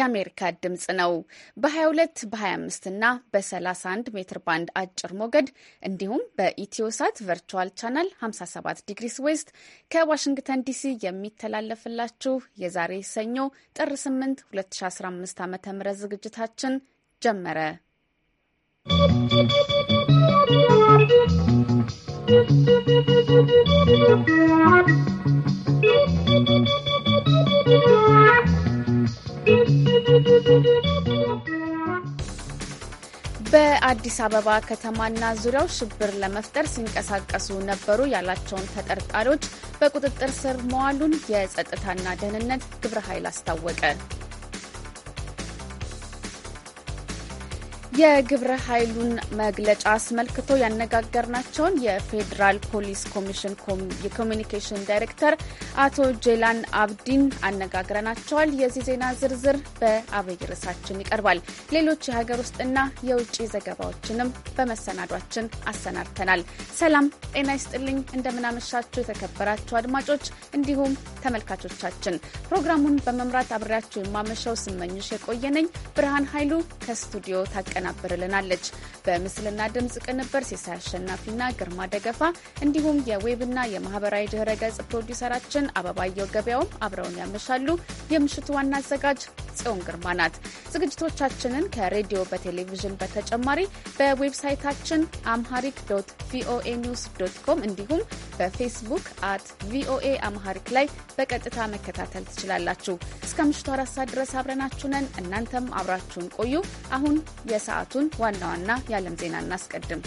የአሜሪካ ድምፅ ነው። በ22 በ25 እና በ31 ሜትር ባንድ አጭር ሞገድ እንዲሁም በኢትዮሳት ቨርቹዋል ቻናል 57 ዲግሪስ ዌስት ከዋሽንግተን ዲሲ የሚተላለፍላችሁ የዛሬ ሰኞ ጥር 8 2015 ዓ ም ዝግጅታችን ጀመረ። ¶¶ በአዲስ አበባ ከተማና ዙሪያው ሽብር ለመፍጠር ሲንቀሳቀሱ ነበሩ ያላቸውን ተጠርጣሪዎች በቁጥጥር ስር መዋሉን የጸጥታና ደህንነት ግብረ ኃይል አስታወቀ። የግብረ ኃይሉን መግለጫ አስመልክቶ ያነጋገርናቸውን የፌዴራል ፖሊስ ኮሚሽን የኮሚኒኬሽን ዳይሬክተር አቶ ጄላን አብዲን አነጋግረናቸዋል። የዚህ ዜና ዝርዝር በአብይ ርዕሳችን ይቀርባል። ሌሎች የሀገር ውስጥና የውጭ ዘገባዎችንም በመሰናዷችን አሰናድተናል። ሰላም ጤና ይስጥልኝ። እንደምናመሻችሁ የተከበራችሁ አድማጮች እንዲሁም ተመልካቾቻችን ፕሮግራሙን በመምራት አብሬያችሁ የማመሻው ስመኝሽ የቆየነኝ ብርሃን ኃይሉ ከስቱዲዮ ታቀ ታቀናብርልናለች። በምስልና ድምፅ ቅንበር ሲሳይ አሸናፊና ግርማ ደገፋ እንዲሁም የዌብና የማህበራዊ ድህረ ገጽ ፕሮዲውሰራችን አበባየው ገበያውም አብረውን ያመሻሉ። የምሽቱ ዋና አዘጋጅ ጽዮን ግርማ ናት። ዝግጅቶቻችንን ከሬዲዮ በቴሌቪዥን በተጨማሪ በዌብሳይታችን አምሃሪክ ዶት ቪኦኤ ኒውስ ዶት ኮም እንዲሁም በፌስቡክ አት ቪኦኤ አምሃሪክ ላይ በቀጥታ መከታተል ትችላላችሁ። እስከ ምሽቱ አራት ሰዓት ድረስ አብረናችሁ ነን። እናንተም አብራችሁን ቆዩ። አሁን የሰዓቱን ዋና ዋና የዓለም ዜና እናስቀድም።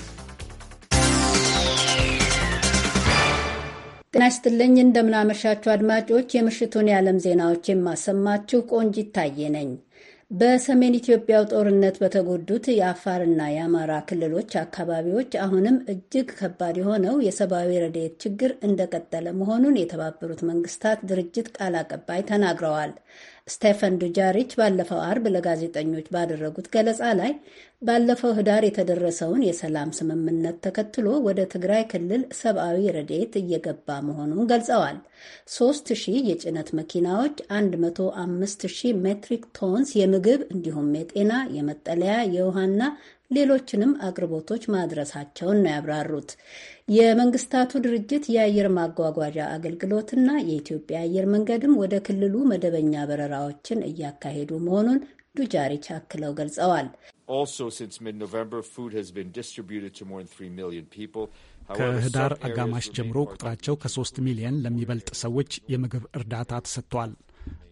ጤና ይስጥልኝ እንደምናመሻችሁ አድማጮች፣ የምሽቱን የዓለም ዜናዎች የማሰማችሁ ቆንጂት ታዬ ነኝ። በሰሜን ኢትዮጵያው ጦርነት በተጎዱት የአፋርና የአማራ ክልሎች አካባቢዎች አሁንም እጅግ ከባድ የሆነው የሰብአዊ ረድኤት ችግር እንደቀጠለ መሆኑን የተባበሩት መንግስታት ድርጅት ቃል አቀባይ ተናግረዋል። ስቴፈን ዱጃሪች ባለፈው አርብ ለጋዜጠኞች ባደረጉት ገለጻ ላይ ባለፈው ህዳር የተደረሰውን የሰላም ስምምነት ተከትሎ ወደ ትግራይ ክልል ሰብአዊ ረድኤት እየገባ መሆኑን ገልጸዋል። 3 ሺህ የጭነት መኪናዎች 105 ሺህ ሜትሪክ ቶንስ የምግብ እንዲሁም የጤና የመጠለያ የውሃና ሌሎችንም አቅርቦቶች ማድረሳቸውን ነው ያብራሩት። የመንግስታቱ ድርጅት የአየር ማጓጓዣ አገልግሎትና የኢትዮጵያ አየር መንገድም ወደ ክልሉ መደበኛ በረራዎችን እያካሄዱ መሆኑን ዱጃሪች አክለው ገልጸዋል። ከህዳር አጋማሽ ጀምሮ ቁጥራቸው ከሶስት ሚሊየን ለሚበልጥ ሰዎች የምግብ እርዳታ ተሰጥቷል።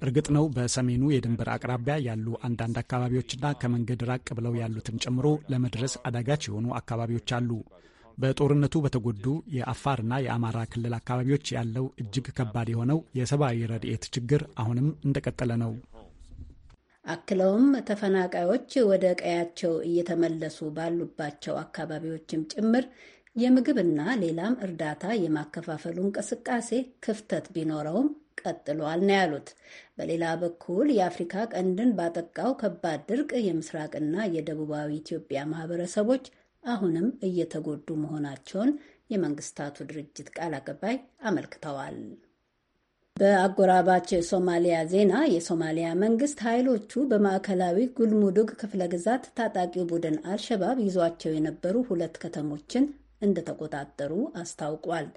እርግጥ ነው በሰሜኑ የድንበር አቅራቢያ ያሉ አንዳንድ አካባቢዎችና ከመንገድ ራቅ ብለው ያሉትን ጨምሮ ለመድረስ አዳጋች የሆኑ አካባቢዎች አሉ። በጦርነቱ በተጎዱ የአፋርና የአማራ ክልል አካባቢዎች ያለው እጅግ ከባድ የሆነው የሰብአዊ ረድኤት ችግር አሁንም እንደቀጠለ ነው። አክለውም ተፈናቃዮች ወደ ቀያቸው እየተመለሱ ባሉባቸው አካባቢዎችም ጭምር የምግብና ሌላም እርዳታ የማከፋፈሉ እንቅስቃሴ ክፍተት ቢኖረውም ቀጥሏል ነው ያሉት። በሌላ በኩል የአፍሪካ ቀንድን ባጠቃው ከባድ ድርቅ የምስራቅና የደቡባዊ ኢትዮጵያ ማህበረሰቦች አሁንም እየተጎዱ መሆናቸውን የመንግስታቱ ድርጅት ቃል አቀባይ አመልክተዋል። በአጎራባች የሶማሊያ ዜና የሶማሊያ መንግስት ኃይሎቹ በማዕከላዊ ጉልሙዱግ ክፍለ ግዛት ታጣቂው ቡድን አልሸባብ ይዟቸው የነበሩ ሁለት ከተሞችን እንደተቆጣጠሩ አስታውቋል።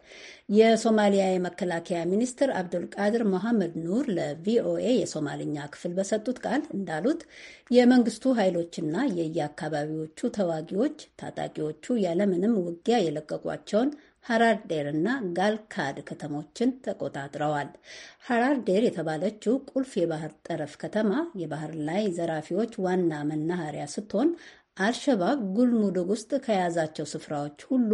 የሶማሊያ የመከላከያ ሚኒስትር አብዱልቃድር ሞሐመድ ኑር ለቪኦኤ የሶማልኛ ክፍል በሰጡት ቃል እንዳሉት የመንግስቱ ኃይሎችና የየአካባቢዎቹ ተዋጊዎች ታጣቂዎቹ ያለምንም ውጊያ የለቀቋቸውን ሐራርዴር እና ጋልካድ ከተሞችን ተቆጣጥረዋል። ሐራርዴር የተባለችው ቁልፍ የባህር ጠረፍ ከተማ የባህር ላይ ዘራፊዎች ዋና መናኸሪያ ስትሆን አልሸባብ ጉልሙዱግ ውስጥ ከያዛቸው ስፍራዎች ሁሉ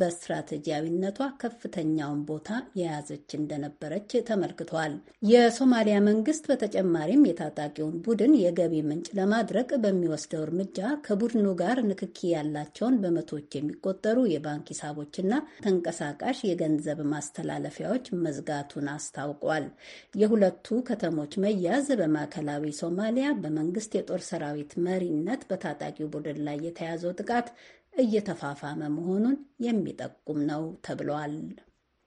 በስትራቴጂያዊነቷ ከፍተኛውን ቦታ የያዘች እንደነበረች ተመልክቷል። የሶማሊያ መንግስት በተጨማሪም የታጣቂውን ቡድን የገቢ ምንጭ ለማድረግ በሚወስደው እርምጃ ከቡድኑ ጋር ንክኪ ያላቸውን በመቶዎች የሚቆጠሩ የባንክ ሂሳቦችና ተንቀሳቃሽ የገንዘብ ማስተላለፊያዎች መዝጋቱን አስታውቋል። የሁለቱ ከተሞች መያዝ በማዕከላዊ ሶማሊያ በመንግስት የጦር ሰራዊት መሪነት በታጣቂው ቡድን ላይ የተያዘው ጥቃት እየተፋፋመ መሆኑን የሚጠቁም ነው ተብሏል።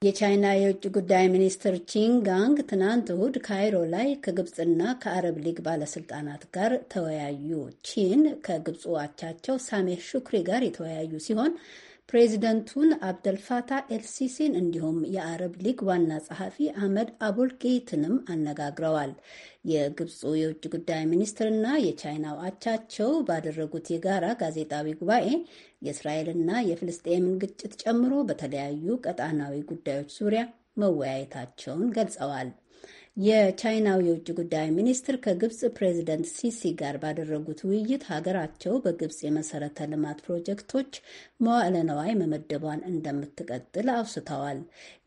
የቻይና የውጭ ጉዳይ ሚኒስትር ቺንጋንግ ትናንት እሁድ ካይሮ ላይ ከግብፅና ከአረብ ሊግ ባለስልጣናት ጋር ተወያዩ። ቺን ከግብፁ አቻቸው ሳሜህ ሹክሪ ጋር የተወያዩ ሲሆን ፕሬዚደንቱን አብደልፋታ ኤልሲሲን እንዲሁም የአረብ ሊግ ዋና ጸሐፊ አህመድ አቡልቂትንም አነጋግረዋል። የግብፁ የውጭ ጉዳይ ሚኒስትርና የቻይናው አቻቸው ባደረጉት የጋራ ጋዜጣዊ ጉባኤ የእስራኤልና የፍልስጤምን ግጭት ጨምሮ በተለያዩ ቀጣናዊ ጉዳዮች ዙሪያ መወያየታቸውን ገልጸዋል። የቻይናው የውጭ ጉዳይ ሚኒስትር ከግብፅ ፕሬዚደንት ሲሲ ጋር ባደረጉት ውይይት ሀገራቸው በግብፅ የመሰረተ ልማት ፕሮጀክቶች መዋዕለ ነዋይ መመደቧን እንደምትቀጥል አውስተዋል።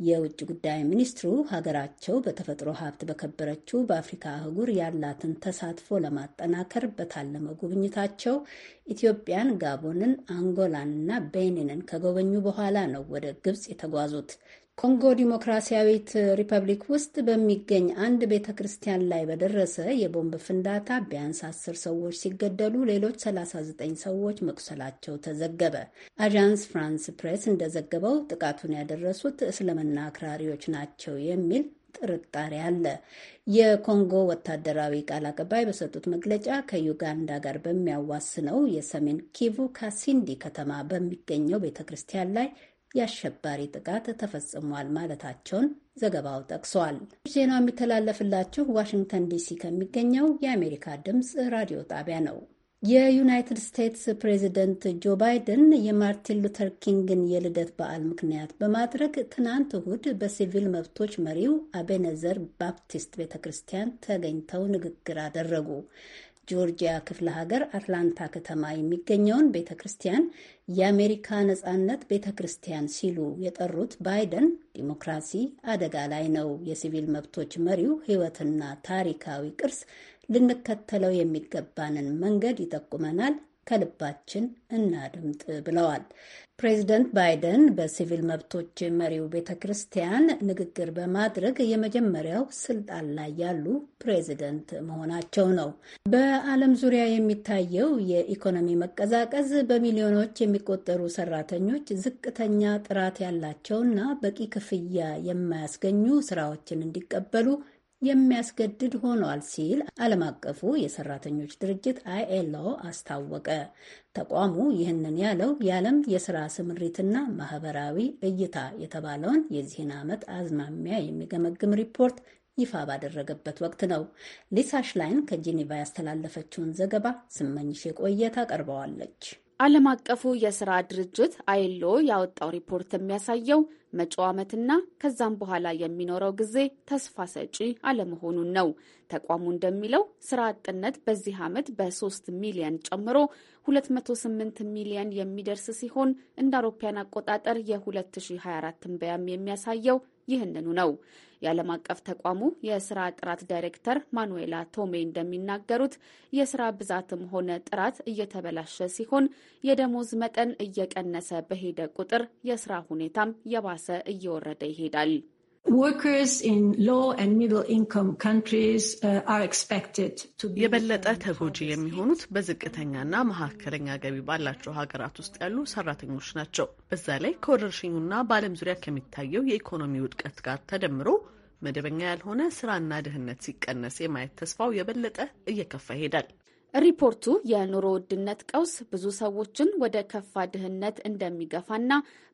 የውጭ ጉዳይ ሚኒስትሩ ሀገራቸው በተፈጥሮ ሀብት በከበረችው በአፍሪካ አህጉር ያላትን ተሳትፎ ለማጠናከር በታለመ ጉብኝታቸው ኢትዮጵያን፣ ጋቦንን፣ አንጎላንና ቤኒንን ከጎበኙ በኋላ ነው ወደ ግብፅ የተጓዙት። ኮንጎ ዲሞክራሲያዊት ሪፐብሊክ ውስጥ በሚገኝ አንድ ቤተ ክርስቲያን ላይ በደረሰ የቦምብ ፍንዳታ ቢያንስ አስር ሰዎች ሲገደሉ ሌሎች 39 ሰዎች መቁሰላቸው ተዘገበ። አዣንስ ፍራንስ ፕሬስ እንደዘገበው ጥቃቱን ያደረሱት እስልምና አክራሪዎች ናቸው የሚል ጥርጣሬ አለ። የኮንጎ ወታደራዊ ቃል አቀባይ በሰጡት መግለጫ ከዩጋንዳ ጋር በሚያዋስነው የሰሜን ኪቩ ካሲንዲ ከተማ በሚገኘው ቤተ ክርስቲያን ላይ የአሸባሪ ጥቃት ተፈጽሟል ማለታቸውን ዘገባው ጠቅሷል። ዜናው የሚተላለፍላችሁ ዋሽንግተን ዲሲ ከሚገኘው የአሜሪካ ድምፅ ራዲዮ ጣቢያ ነው። የዩናይትድ ስቴትስ ፕሬዚደንት ጆ ባይደን የማርቲን ሉተር ኪንግን የልደት በዓል ምክንያት በማድረግ ትናንት እሁድ በሲቪል መብቶች መሪው አቤነዘር ባፕቲስት ቤተ ክርስቲያን ተገኝተው ንግግር አደረጉ። ጆርጂያ ክፍለ ሀገር አትላንታ ከተማ የሚገኘውን ቤተ ክርስቲያን የአሜሪካ ነጻነት ቤተ ክርስቲያን ሲሉ የጠሩት ባይደን ዲሞክራሲ አደጋ ላይ ነው፣ የሲቪል መብቶች መሪው ሕይወትና ታሪካዊ ቅርስ ልንከተለው የሚገባንን መንገድ ይጠቁመናል፣ ከልባችን እናድምጥ ብለዋል። ፕሬዚደንት ባይደን በሲቪል መብቶች መሪው ቤተ ክርስቲያን ንግግር በማድረግ የመጀመሪያው ስልጣን ላይ ያሉ ፕሬዚደንት መሆናቸው ነው። በዓለም ዙሪያ የሚታየው የኢኮኖሚ መቀዛቀዝ በሚሊዮኖች የሚቆጠሩ ሰራተኞች ዝቅተኛ ጥራት ያላቸውና በቂ ክፍያ የማያስገኙ ስራዎችን እንዲቀበሉ የሚያስገድድ ሆኗል ሲል ዓለም አቀፉ የሰራተኞች ድርጅት አይኤልኦ አስታወቀ። ተቋሙ ይህንን ያለው የዓለም የሥራ ስምሪትና ማህበራዊ እይታ የተባለውን የዚህን ዓመት አዝማሚያ የሚገመግም ሪፖርት ይፋ ባደረገበት ወቅት ነው። ሊሳ ሽላይን ከጄኔቫ ያስተላለፈችውን ዘገባ ስመኝሽ የቆየ ታቀርበዋለች። ዓለም አቀፉ የስራ ድርጅት አይሎ ያወጣው ሪፖርት የሚያሳየው መጪው ዓመትና ከዛም በኋላ የሚኖረው ጊዜ ተስፋ ሰጪ አለመሆኑን ነው። ተቋሙ እንደሚለው ስራ አጥነት በዚህ ዓመት በ3 ሚሊየን ጨምሮ 208 ሚሊየን የሚደርስ ሲሆን እንደ አውሮፓያን አቆጣጠር የ2024 ትንበያም የሚያሳየው ይህንኑ ነው። የዓለም አቀፍ ተቋሙ የስራ ጥራት ዳይሬክተር ማኑዌላ ቶሜ እንደሚናገሩት የስራ ብዛትም ሆነ ጥራት እየተበላሸ ሲሆን የደሞዝ መጠን እየቀነሰ በሄደ ቁጥር የስራ ሁኔታም የባሰ እየወረደ ይሄዳል። Uh, የበለጠ ተጎጂ የሚሆኑት በዝቅተኛና መካከለኛ ገቢ ባላቸው ሀገራት ውስጥ ያሉ ሰራተኞች ናቸው። በዛ ላይ ከወረርሽኙና በዓለም ዙሪያ ከሚታየው የኢኮኖሚ ውድቀት ጋር ተደምሮ መደበኛ ያልሆነ ስራና ድህነት ሲቀነስ የማየት ተስፋው የበለጠ እየከፋ ይሄዳል። ሪፖርቱ የኑሮ ውድነት ቀውስ ብዙ ሰዎችን ወደ ከፋ ድህነት እንደሚገፋና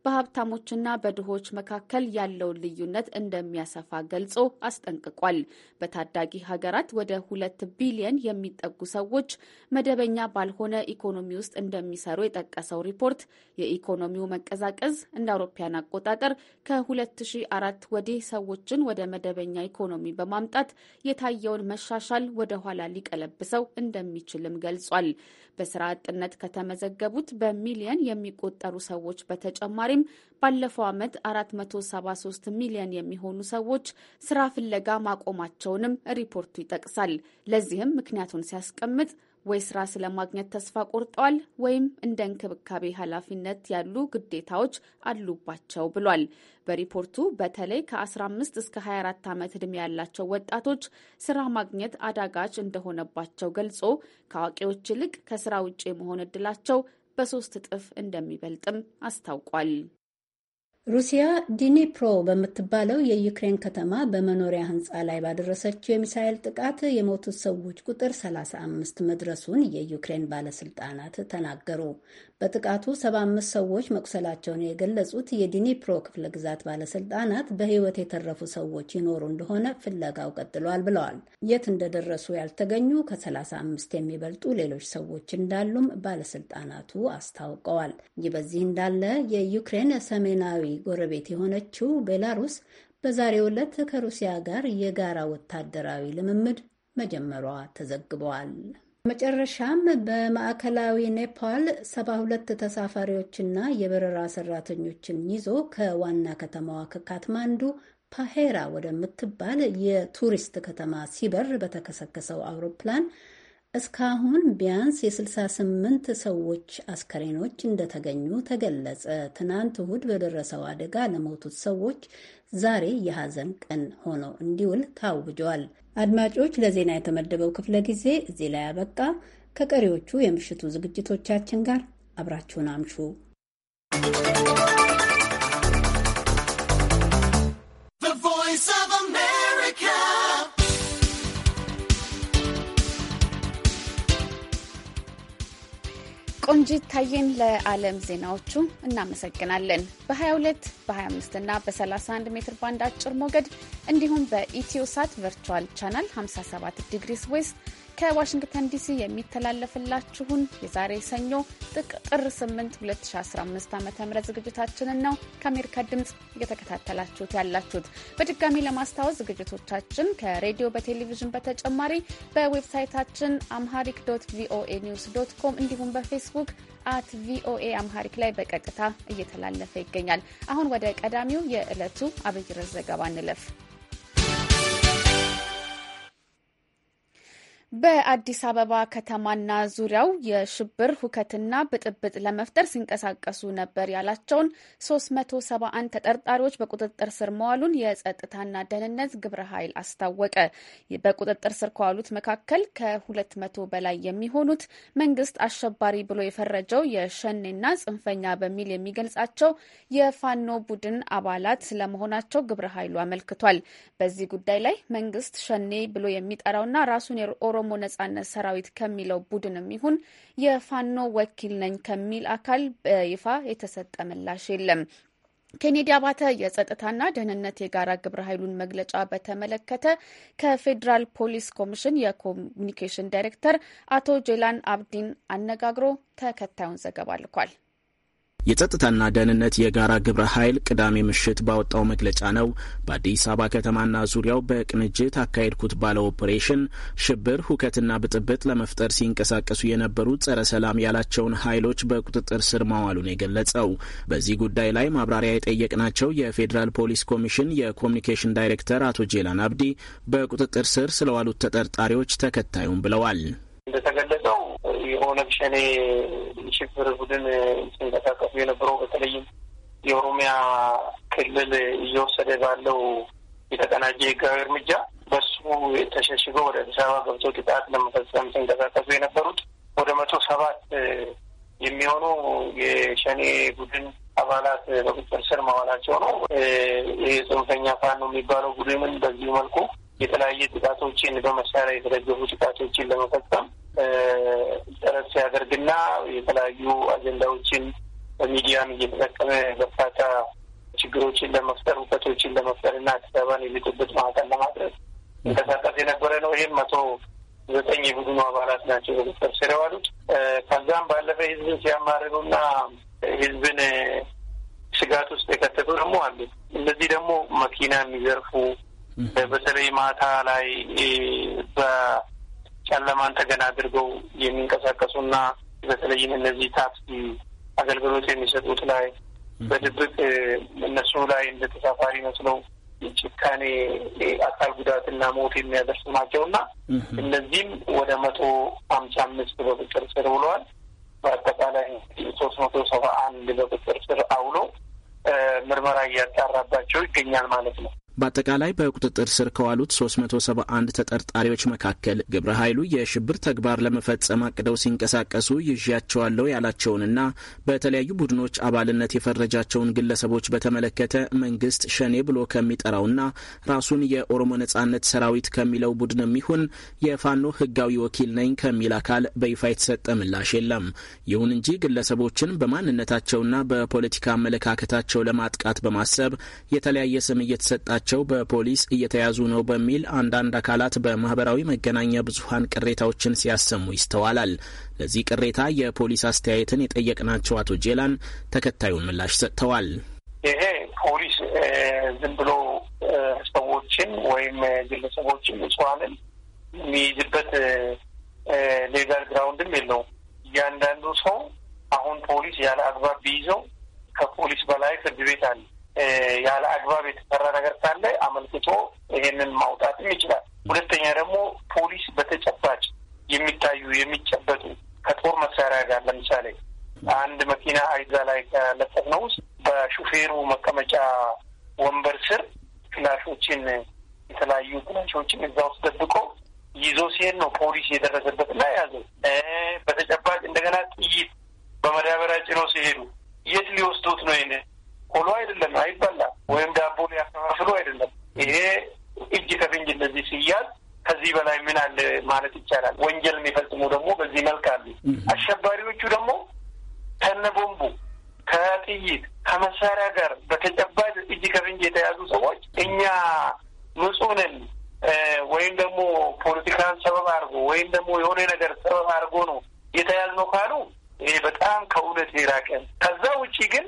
በሀብታሞችና በድሆች መካከል ያለውን ልዩነት እንደሚያሰፋ ገልጾ አስጠንቅቋል። በታዳጊ ሀገራት ወደ ሁለት ቢሊየን የሚጠጉ ሰዎች መደበኛ ባልሆነ ኢኮኖሚ ውስጥ እንደሚሰሩ የጠቀሰው ሪፖርት የኢኮኖሚው መቀዛቀዝ እንደ አውሮፓያን አቆጣጠር ከ2004 ወዲህ ሰዎችን ወደ መደበኛ ኢኮኖሚ በማምጣት የታየውን መሻሻል ወደ ኋላ ሊቀለብሰው እንደሚችልም ገልጿል። በስራ አጥነት ከተመዘገቡት በሚሊየን የሚቆጠሩ ሰዎች በተጨማሪም ባለፈው ዓመት 473 ሚሊየን የሚሆኑ ሰዎች ስራ ፍለጋ ማቆማቸውንም ሪፖርቱ ይጠቅሳል። ለዚህም ምክንያቱን ሲያስቀምጥ ወይ ስራ ስለማግኘት ተስፋ ቆርጠዋል ወይም እንደ እንክብካቤ ኃላፊነት ያሉ ግዴታዎች አሉባቸው ብሏል። በሪፖርቱ በተለይ ከ15 እስከ 24 ዓመት ዕድሜ ያላቸው ወጣቶች ስራ ማግኘት አዳጋች እንደሆነባቸው ገልጾ ከአዋቂዎች ይልቅ ከስራ ውጭ የመሆን እድላቸው በሶስት እጥፍ እንደሚበልጥም አስታውቋል። ሩሲያ ዲኒፕሮ በምትባለው የዩክሬን ከተማ በመኖሪያ ህንፃ ላይ ባደረሰችው የሚሳኤል ጥቃት የሞቱት ሰዎች ቁጥር 35 መድረሱን የዩክሬን ባለስልጣናት ተናገሩ። በጥቃቱ 75 ሰዎች መቁሰላቸውን የገለጹት የዲኒፕሮ ክፍለ ግዛት ባለስልጣናት በህይወት የተረፉ ሰዎች ይኖሩ እንደሆነ ፍለጋው ቀጥሏል ብለዋል። የት እንደደረሱ ያልተገኙ ከ35 የሚበልጡ ሌሎች ሰዎች እንዳሉም ባለስልጣናቱ አስታውቀዋል። ይህ በዚህ እንዳለ የዩክሬን ሰሜናዊ ጎረቤት የሆነችው ቤላሩስ በዛሬው ዕለት ከሩሲያ ጋር የጋራ ወታደራዊ ልምምድ መጀመሯ ተዘግበዋል። መጨረሻም በማዕከላዊ ኔፓል ሰባ ሁለት ተሳፋሪዎችና የበረራ ሰራተኞችን ይዞ ከዋና ከተማዋ ከካትማንዱ ፓሄራ ወደምትባል የቱሪስት ከተማ ሲበር በተከሰከሰው አውሮፕላን እስካሁን ቢያንስ የ68 ሰዎች አስከሬኖች እንደተገኙ ተገለጸ። ትናንት እሁድ በደረሰው አደጋ ለሞቱት ሰዎች ዛሬ የሐዘን ቀን ሆኖ እንዲውል ታውጇል። አድማጮች፣ ለዜና የተመደበው ክፍለ ጊዜ እዚህ ላይ አበቃ። ከቀሪዎቹ የምሽቱ ዝግጅቶቻችን ጋር አብራችሁን አምሹ። ቆንጂ ታየን ለዓለም ዜናዎቹ እናመሰግናለን። በ22 በ25 እና በ31 ሜትር ባንድ አጭር ሞገድ እንዲሁም በኢትዮሳት ቨርቹዋል ቻናል 57 ዲግሪስ ዌስት ከዋሽንግተን ዲሲ የሚተላለፍላችሁን የዛሬ ሰኞ ጥር 8 2015 ዓ ም ዝግጅታችንን ነው ከአሜሪካ ድምፅ እየተከታተላችሁት ያላችሁት። በድጋሚ ለማስታወስ ዝግጅቶቻችን ከሬዲዮ በቴሌቪዥን በተጨማሪ በዌብሳይታችን አምሃሪክ ዶት ቪኦኤ ኒውስ ዶት ኮም እንዲሁም በፌስቡክ አት ቪኦኤ አምሃሪክ ላይ በቀጥታ እየተላለፈ ይገኛል። አሁን ወደ ቀዳሚው የዕለቱ አብይ ርዕስ ዘገባ እንለፍ። በአዲስ አበባ ከተማና ዙሪያው የሽብር ሁከትና ብጥብጥ ለመፍጠር ሲንቀሳቀሱ ነበር ያላቸውን 371 ተጠርጣሪዎች በቁጥጥር ስር መዋሉን የጸጥታና ደህንነት ግብረ ኃይል አስታወቀ። በቁጥጥር ስር ከዋሉት መካከል ከ200 በላይ የሚሆኑት መንግስት አሸባሪ ብሎ የፈረጀው የሸኔና ጽንፈኛ በሚል የሚገልጻቸው የፋኖ ቡድን አባላት ስለመሆናቸው ግብረ ኃይሉ አመልክቷል። በዚህ ጉዳይ ላይ መንግስት ሸኔ ብሎ የሚጠራውና ራሱን የኦሮሞ ነጻነት ሰራዊት ከሚለው ቡድንም ይሁን የፋኖ ወኪል ነኝ ከሚል አካል በይፋ የተሰጠ ምላሽ የለም። ኬኔዲ አባተ የጸጥታና ደህንነት የጋራ ግብረ ኃይሉን መግለጫ በተመለከተ ከፌዴራል ፖሊስ ኮሚሽን የኮሚኒኬሽን ዳይሬክተር አቶ ጄላን አብዲን አነጋግሮ ተከታዩን ዘገባ ልኳል። የጸጥታና ደህንነት የጋራ ግብረ ኃይል ቅዳሜ ምሽት ባወጣው መግለጫ ነው በአዲስ አበባ ከተማና ዙሪያው በቅንጅት አካሄድኩት ባለው ኦፕሬሽን ሽብር፣ ሁከትና ብጥብጥ ለመፍጠር ሲንቀሳቀሱ የነበሩ ጸረ ሰላም ያላቸውን ኃይሎች በቁጥጥር ስር ማዋሉን የገለጸው በዚህ ጉዳይ ላይ ማብራሪያ የጠየቅናቸው የፌዴራል ፖሊስ ኮሚሽን የኮሚኒኬሽን ዳይሬክተር አቶ ጄላን አብዲ በቁጥጥር ስር ስለዋሉት ተጠርጣሪዎች ተከታዩም ብለዋል። እንደተገለጸው የኦነግ ሸኔ ሽብር ቡድን ሲንቀሳቀሱ የነበረው በተለይም የኦሮሚያ ክልል እየወሰደ ባለው የተቀናጀ ህጋዊ እርምጃ በሱ ተሸሽገው ወደ አዲስ አበባ ገብቶ ጥቃት ለመፈጸም ሲንቀሳቀሱ የነበሩት ወደ መቶ ሰባት የሚሆኑ የሸኔ ቡድን አባላት በቁጥጥር ስር ማዋላቸው ነው። ይህ ጽንፈኛ ፋኖ የሚባለው ቡድንን በዚሁ መልኩ የተለያየ ጥቃቶችን በመሳሪያ የተደገፉ ጥቃቶችን ለመፈጸም ጥረት ሲያደርግና የተለያዩ አጀንዳዎችን በሚዲያም እየተጠቀመ በርካታ ችግሮችን ለመፍጠር ውቀቶችን ለመፍጠር እና አዲስ አበባን የብጥብጥ ማዕከል ለማድረግ እንቀሳቀስ የነበረ ነው። ይህም መቶ ዘጠኝ የቡድኑ አባላት ናቸው በቁጥጥር ስር የዋሉት። ከዛም ባለፈ ህዝብን ሲያማርሩና ህዝብን ስጋት ውስጥ የከተቱ ደግሞ አሉ። እነዚህ ደግሞ መኪና የሚዘርፉ በተለይ ማታ ላይ በጨለማን ተገና አድርገው የሚንቀሳቀሱና በተለይም እነዚህ ታክሲ አገልግሎት የሚሰጡት ላይ በድብቅ እነሱ ላይ እንደ ተሳፋሪ መስለው ጭካኔ አካል ጉዳትና ሞት የሚያደርሱ ናቸውና እነዚህም ወደ መቶ ሀምሳ አምስት በቁጥጥር ስር ውለዋል። በአጠቃላይ ሶስት መቶ ሰባ አንድ በቁጥጥር ስር አውሎ ምርመራ እያጣራባቸው ይገኛል ማለት ነው። በአጠቃላይ በቁጥጥር ስር ከዋሉት 371 ተጠርጣሪዎች መካከል ግብረ ኃይሉ የሽብር ተግባር ለመፈጸም አቅደው ሲንቀሳቀሱ ይዣቸዋለሁ ያላቸውንና በተለያዩ ቡድኖች አባልነት የፈረጃቸውን ግለሰቦች በተመለከተ መንግስት ሸኔ ብሎ ከሚጠራውና ራሱን የኦሮሞ ነጻነት ሰራዊት ከሚለው ቡድንም ይሁን የፋኖ ህጋዊ ወኪል ነኝ ከሚል አካል በይፋ የተሰጠ ምላሽ የለም። ይሁን እንጂ ግለሰቦችን በማንነታቸውና በፖለቲካ አመለካከታቸው ለማጥቃት በማሰብ የተለያየ ስም እየተሰጣቸው በመሆናቸው በፖሊስ እየተያዙ ነው በሚል አንዳንድ አካላት በማህበራዊ መገናኛ ብዙሀን ቅሬታዎችን ሲያሰሙ ይስተዋላል። ለዚህ ቅሬታ የፖሊስ አስተያየትን የጠየቅናቸው አቶ ጄላን ተከታዩን ምላሽ ሰጥተዋል። ይሄ ፖሊስ ዝም ብሎ ሰዎችን ወይም ግለሰቦችን እጽዋንን የሚይዝበት ሌጋል ግራውንድም የለውም። እያንዳንዱ ሰው አሁን ፖሊስ ያለ አግባብ ቢይዘው ከፖሊስ በላይ ፍርድ ቤት አለ። ያለ አግባብ የተሰራ ነገር ካለ አመልክቶ ይሄንን ማውጣትም ይችላል። ሁለተኛ ደግሞ ፖሊስ በተጨባጭ የሚታዩ የሚጨበጡ ከጦር መሳሪያ ጋር ለምሳሌ አንድ መኪና አይዛ ላይ ነው ውስጥ በሹፌሩ መቀመጫ ወንበር ስር ክላሾችን የተለያዩ ክላሾችን እዛ ውስጥ ደብቆ ይዞ ሲሄድ ነው ፖሊስ የደረሰበትና ያዘው። በተጨባጭ እንደገና ጥይት በመዳበሪያ ጭኖ ሲሄዱ የት ሊወስዱት ነው? ይሄንን ቆሎ አይደለም አይበላም፣ ወይም ዳቦን ያከፋፍሉ አይደለም። ይሄ እጅ ከፍንጅ እንደዚህ ሲያዝ ከዚህ በላይ ምን አለ ማለት ይቻላል። ወንጀል የሚፈጽሙ ደግሞ በዚህ መልክ አሉ። አሸባሪዎቹ ደግሞ ቦምቡ ከጥይት ከመሳሪያ ጋር በተጨባጭ እጅ ከፍንጅ የተያዙ ሰዎች እኛ ንጹህንን ወይም ደግሞ ፖለቲካን ሰበብ አድርጎ ወይም ደግሞ የሆነ ነገር ሰበብ አድርጎ ነው የተያዝነው ካሉ ይሄ በጣም ከእውነት የራቀን። ከዛ ውጪ ግን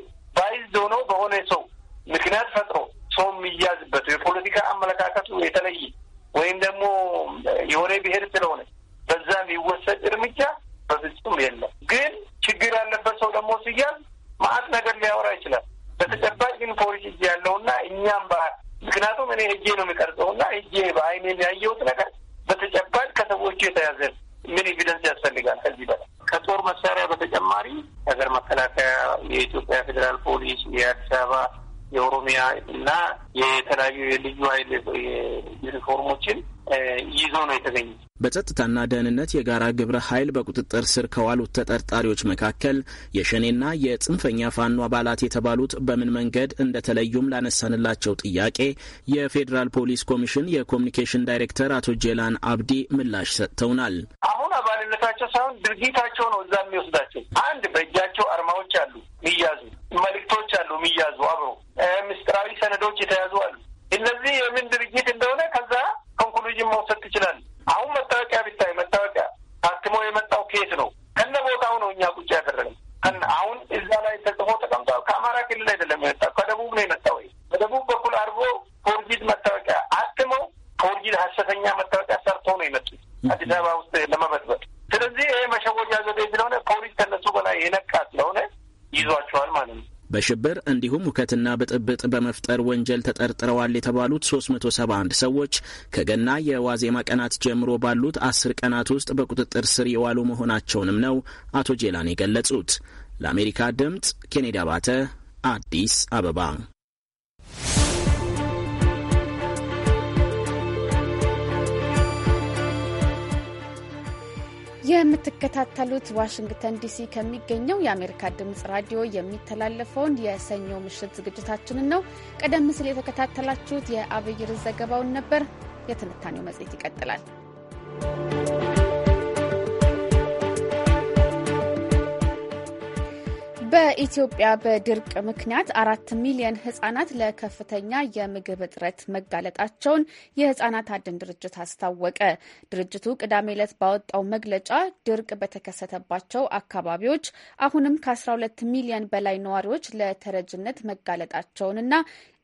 የልዩ ኃይል ዩኒፎርሞችን ይዞ ነው የተገኘ። በጸጥታና ደህንነት የጋራ ግብረ ኃይል በቁጥጥር ስር ከዋሉት ተጠርጣሪዎች መካከል የሸኔና የጽንፈኛ ፋኖ አባላት የተባሉት በምን መንገድ እንደተለዩም ላነሳንላቸው ጥያቄ የፌዴራል ፖሊስ ኮሚሽን የኮሚኒኬሽን ዳይሬክተር አቶ ጄላን አብዲ ምላሽ ሰጥተውናል። አሁን አባልነታቸው ሳይሆን ድርጊታቸው ነው እዛ የሚወስዳቸው። አንድ በእጃቸው አርማዎች አሉ የሚያዙ፣ መልእክቶች አሉ የሚያዙ፣ አብሮ ምስጢራዊ ሰነዶች የተያዙ አሉ እነዚህ የምን ድርጅት እንደሆነ ከዛ ኮንክሉዥን መውሰድ ትችላል። አሁን መታወቂያ ቢታይ መታወቂያ ታትሞ የመጣው ኬት ነው። ከነ ቦታው ነው እኛ ቁጭ ያደረግን። አሁን እዛ ላይ ተጽፎ ተቀምጠዋል። ከአማራ ክልል አይደለም የመጣ ከደቡብ ነው የመጣ ወይ በደቡብ በኩል አድርጎ ፎርጂድ መታወቂያ አትመው ፎርጂድ ሀሰተኛ መታወቂያ ሰርቶ ነው የመጡት አዲስ አበባ ውስጥ ለመበጥበጥ። ስለዚህ ይሄ መሸወጃ ዘዴ ስለሆነ ፖሊስ ከነሱ በላይ የነቃ ስለሆነ ይዟቸዋል ማለት ነው። በሽብር እንዲሁም ሁከትና ብጥብጥ በመፍጠር ወንጀል ተጠርጥረዋል የተባሉት 371 ሰዎች ከገና የዋዜማ ቀናት ጀምሮ ባሉት አስር ቀናት ውስጥ በቁጥጥር ስር የዋሉ መሆናቸውንም ነው አቶ ጄላን የገለጹት። ለአሜሪካ ድምፅ ኬኔዲ አባተ አዲስ አበባ የምትከታተሉት ዋሽንግተን ዲሲ ከሚገኘው የአሜሪካ ድምጽ ራዲዮ የሚተላለፈውን የሰኞ ምሽት ዝግጅታችንን ነው። ቀደም ሲል የተከታተላችሁት የአብይር ዘገባውን ነበር። የትንታኔው መጽሔት ይቀጥላል። በኢትዮጵያ በድርቅ ምክንያት አራት ሚሊዮን ህጻናት ለከፍተኛ የምግብ እጥረት መጋለጣቸውን የህጻናት አድን ድርጅት አስታወቀ። ድርጅቱ ቅዳሜ ዕለት ባወጣው መግለጫ ድርቅ በተከሰተባቸው አካባቢዎች አሁንም ከ12 ሚሊዮን በላይ ነዋሪዎች ለተረጅነት መጋለጣቸውንና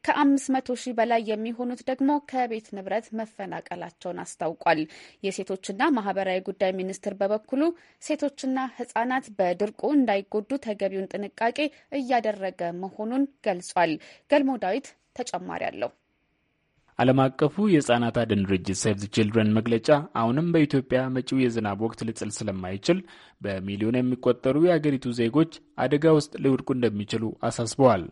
ከ500 ሺህ በላይ የሚሆኑት ደግሞ ከቤት ንብረት መፈናቀላቸውን አስታውቋል። የሴቶችና ማህበራዊ ጉዳይ ሚኒስቴር በበኩሉ ሴቶችና ህጻናት በድርቁ እንዳይጎዱ ተገቢውን ጥንቃቄ እያደረገ መሆኑን ገልጿል። ገልሞ ዳዊት ተጨማሪ አለው። ዓለም አቀፉ የህጻናት አድን ድርጅት ሴቭ ዘ ችልድረን መግለጫ አሁንም በኢትዮጵያ መጪው የዝናብ ወቅት ሊጽል ስለማይችል በሚሊዮን የሚቆጠሩ የአገሪቱ ዜጎች አደጋ ውስጥ ሊወድቁ እንደሚችሉ አሳስበዋል።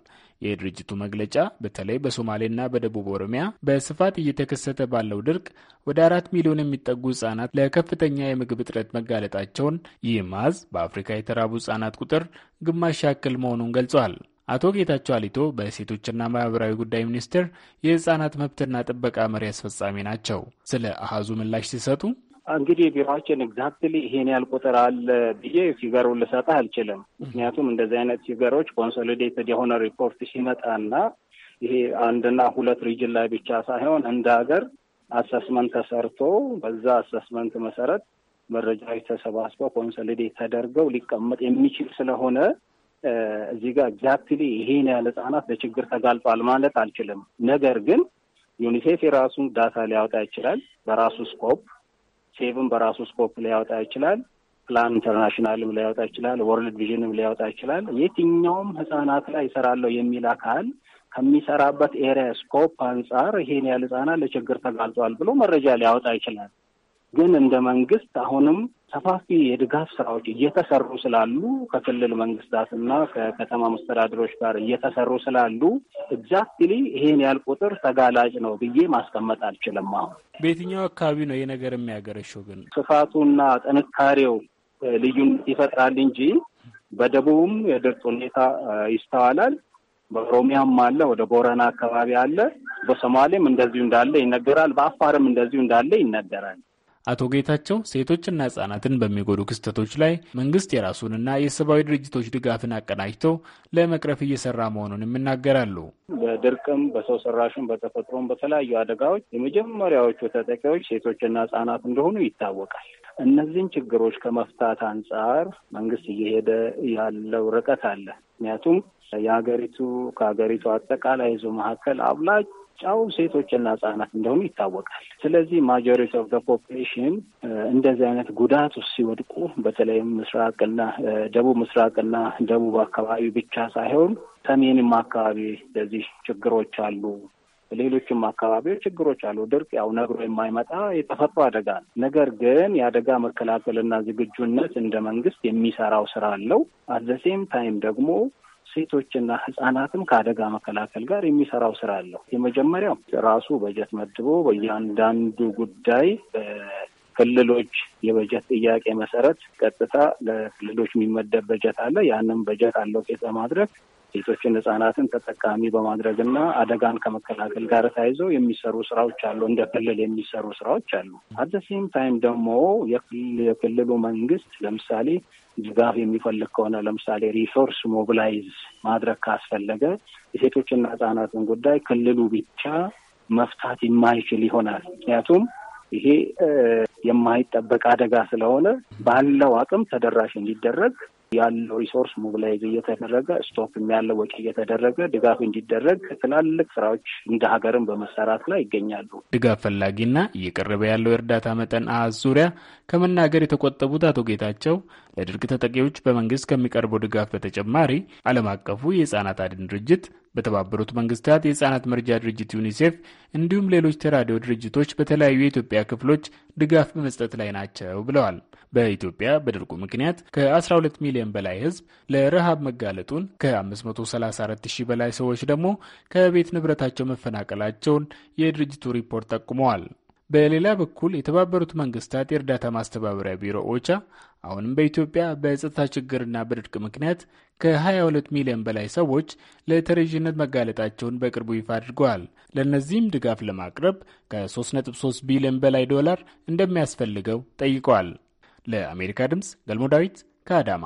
የድርጅቱ መግለጫ በተለይ በሶማሌና በደቡብ ኦሮሚያ በስፋት እየተከሰተ ባለው ድርቅ ወደ አራት ሚሊዮን የሚጠጉ ህጻናት ለከፍተኛ የምግብ እጥረት መጋለጣቸውን ይህ ማዝ በአፍሪካ የተራቡ ህጻናት ቁጥር ግማሽ ያክል መሆኑን ገልጿል። አቶ ጌታቸው አሊቶ በሴቶችና ማህበራዊ ጉዳይ ሚኒስቴር የህጻናት መብትና ጥበቃ መሪ አስፈጻሚ ናቸው። ስለ አሃዙ ምላሽ ሲሰጡ እንግዲህ የቢሮችን ኤግዛክትሊ ይሄን ያህል ቁጥር አለ ብዬ ፊገሩን ልሰጥህ አልችልም። ምክንያቱም እንደዚህ አይነት ፊገሮች ኮንሶሊዴትድ የሆነ ሪፖርት ሲመጣና ይሄ አንድና ሁለት ሪጅን ላይ ብቻ ሳይሆን እንደ ሀገር አሰስመንት ተሰርቶ በዛ አሰስመንት መሰረት መረጃዎች ተሰባስበው ኮንሶሊዴት ተደርገው ሊቀመጥ የሚችል ስለሆነ እዚህ ጋር ኤግዛክትሊ ይሄን ያህል ህጻናት ለችግር ተጋልጧል ማለት አልችልም። ነገር ግን ዩኒሴፍ የራሱን ዳታ ሊያወጣ ይችላል በራሱ ስኮፕ ሴቭም በራሱ ስኮፕ ሊያወጣ ይችላል። ፕላን ኢንተርናሽናልም ሊያወጣ ይችላል። ወርልድ ቪዥንም ሊያወጣ ይችላል። የትኛውም ህጻናት ላይ ይሰራለሁ የሚል አካል ከሚሰራበት ኤሪያ ስኮፕ አንጻር ይሄን ያህል ህጻናት ለችግር ተጋልጧል ብሎ መረጃ ሊያወጣ ይችላል። ግን እንደ መንግስት አሁንም ሰፋፊ የድጋፍ ስራዎች እየተሰሩ ስላሉ ከክልል መንግስታት እና ከከተማ መስተዳድሮች ጋር እየተሰሩ ስላሉ ኤግዛክትሊ ይሄን ያህል ቁጥር ተጋላጭ ነው ብዬ ማስቀመጥ አልችልም። አሁን በየትኛው አካባቢ ነው ይሄ ነገር የሚያገረሸው? ግን ስፋቱና ጥንካሬው ልዩነት ይፈጥራል እንጂ በደቡብም የድርቅ ሁኔታ ይስተዋላል። በኦሮሚያም አለ፣ ወደ ቦረና አካባቢ አለ፣ በሶማሌም እንደዚሁ እንዳለ ይነገራል፣ በአፋርም እንደዚሁ እንዳለ ይነገራል። አቶ ጌታቸው ሴቶችና ህጻናትን በሚጎዱ ክስተቶች ላይ መንግስት የራሱንና የሰብአዊ ድርጅቶች ድጋፍን አቀናጅተው ለመቅረፍ እየሰራ መሆኑን ይናገራሉ። በድርቅም በሰው ሰራሽም በተፈጥሮም በተለያዩ አደጋዎች የመጀመሪያዎቹ ተጠቂዎች ሴቶችና ህጻናት እንደሆኑ ይታወቃል። እነዚህን ችግሮች ከመፍታት አንጻር መንግስት እየሄደ ያለው ርቀት አለ። ምክንያቱም የሀገሪቱ ከሀገሪቱ አጠቃላይ ህዝብ መካከል አብላጭ አብላጫው ሴቶችና ህጻናት እንደሆኑ ይታወቃል። ስለዚህ ማጆሪቲ ኦፍ ፖፕሌሽን እንደዚህ አይነት ጉዳት ውስጥ ሲወድቁ በተለይም ምስራቅና ደቡብ ምስራቅና ደቡብ አካባቢ ብቻ ሳይሆን ሰሜንም አካባቢ እንደዚህ ችግሮች አሉ። ሌሎችም አካባቢዎች ችግሮች አሉ። ድርቅ ያው ነግሮ የማይመጣ የተፈጥሮ አደጋ ነው። ነገር ግን የአደጋ መከላከልና ዝግጁነት እንደ መንግስት የሚሰራው ስራ አለው። አት ዘ ሴም ታይም ደግሞ ሴቶችና ህጻናትም ከአደጋ መከላከል ጋር የሚሰራው ስራ አለው። የመጀመሪያው ራሱ በጀት መድቦ በእያንዳንዱ ጉዳይ ክልሎች የበጀት ጥያቄ መሰረት ቀጥታ ለክልሎች የሚመደብ በጀት አለ። ያንም በጀት አለው አሎኬት በማድረግ ሴቶችን ህጻናትን ተጠቃሚ በማድረግና አደጋን ከመከላከል ጋር ተያይዘው የሚሰሩ ስራዎች አሉ። እንደ ክልል የሚሰሩ ስራዎች አሉ። አት ሴም ታይም ደግሞ የክልሉ መንግስት ለምሳሌ ድጋፍ የሚፈልግ ከሆነ ለምሳሌ ሪሶርስ ሞቢላይዝ ማድረግ ካስፈለገ የሴቶችና ህጻናትን ጉዳይ ክልሉ ብቻ መፍታት የማይችል ይሆናል። ምክንያቱም ይሄ የማይጠበቅ አደጋ ስለሆነ ባለው አቅም ተደራሽ እንዲደረግ ያለው ሪሶርስ ሞቢላይዝ እየተደረገ ስቶፕ የሚያለወቅ እየተደረገ ድጋፍ እንዲደረግ ትላልቅ ስራዎች እንደ ሀገርም በመሰራት ላይ ይገኛሉ። ድጋፍ ፈላጊና እየቀረበ ያለው የእርዳታ መጠን አሃዝ ዙሪያ ከመናገር የተቆጠቡት አቶ ጌታቸው ለድርቅ ተጠቂዎች በመንግስት ከሚቀርበው ድጋፍ በተጨማሪ ዓለም አቀፉ የህጻናት አድን ድርጅት በተባበሩት መንግስታት የህጻናት መርጃ ድርጅት ዩኒሴፍ እንዲሁም ሌሎች ተራዲዮ ድርጅቶች በተለያዩ የኢትዮጵያ ክፍሎች ድጋፍ በመስጠት ላይ ናቸው ብለዋል። በኢትዮጵያ በድርቁ ምክንያት ከ12 ሚሊዮን በላይ ህዝብ ለረሃብ መጋለጡን ከ534 ሺህ በላይ ሰዎች ደግሞ ከቤት ንብረታቸው መፈናቀላቸውን የድርጅቱ ሪፖርት ጠቁመዋል። በሌላ በኩል የተባበሩት መንግስታት የእርዳታ ማስተባበሪያ ቢሮ ኦቻ አሁንም በኢትዮጵያ በጸጥታ ችግርና በድርቅ ምክንያት ከ22 ሚሊዮን በላይ ሰዎች ለተረዥነት መጋለጣቸውን በቅርቡ ይፋ አድርገዋል። ለእነዚህም ድጋፍ ለማቅረብ ከ3.3 ቢሊዮን በላይ ዶላር እንደሚያስፈልገው ጠይቀዋል። ለአሜሪካ ድምፅ ገልሞ ዳዊት ከአዳማ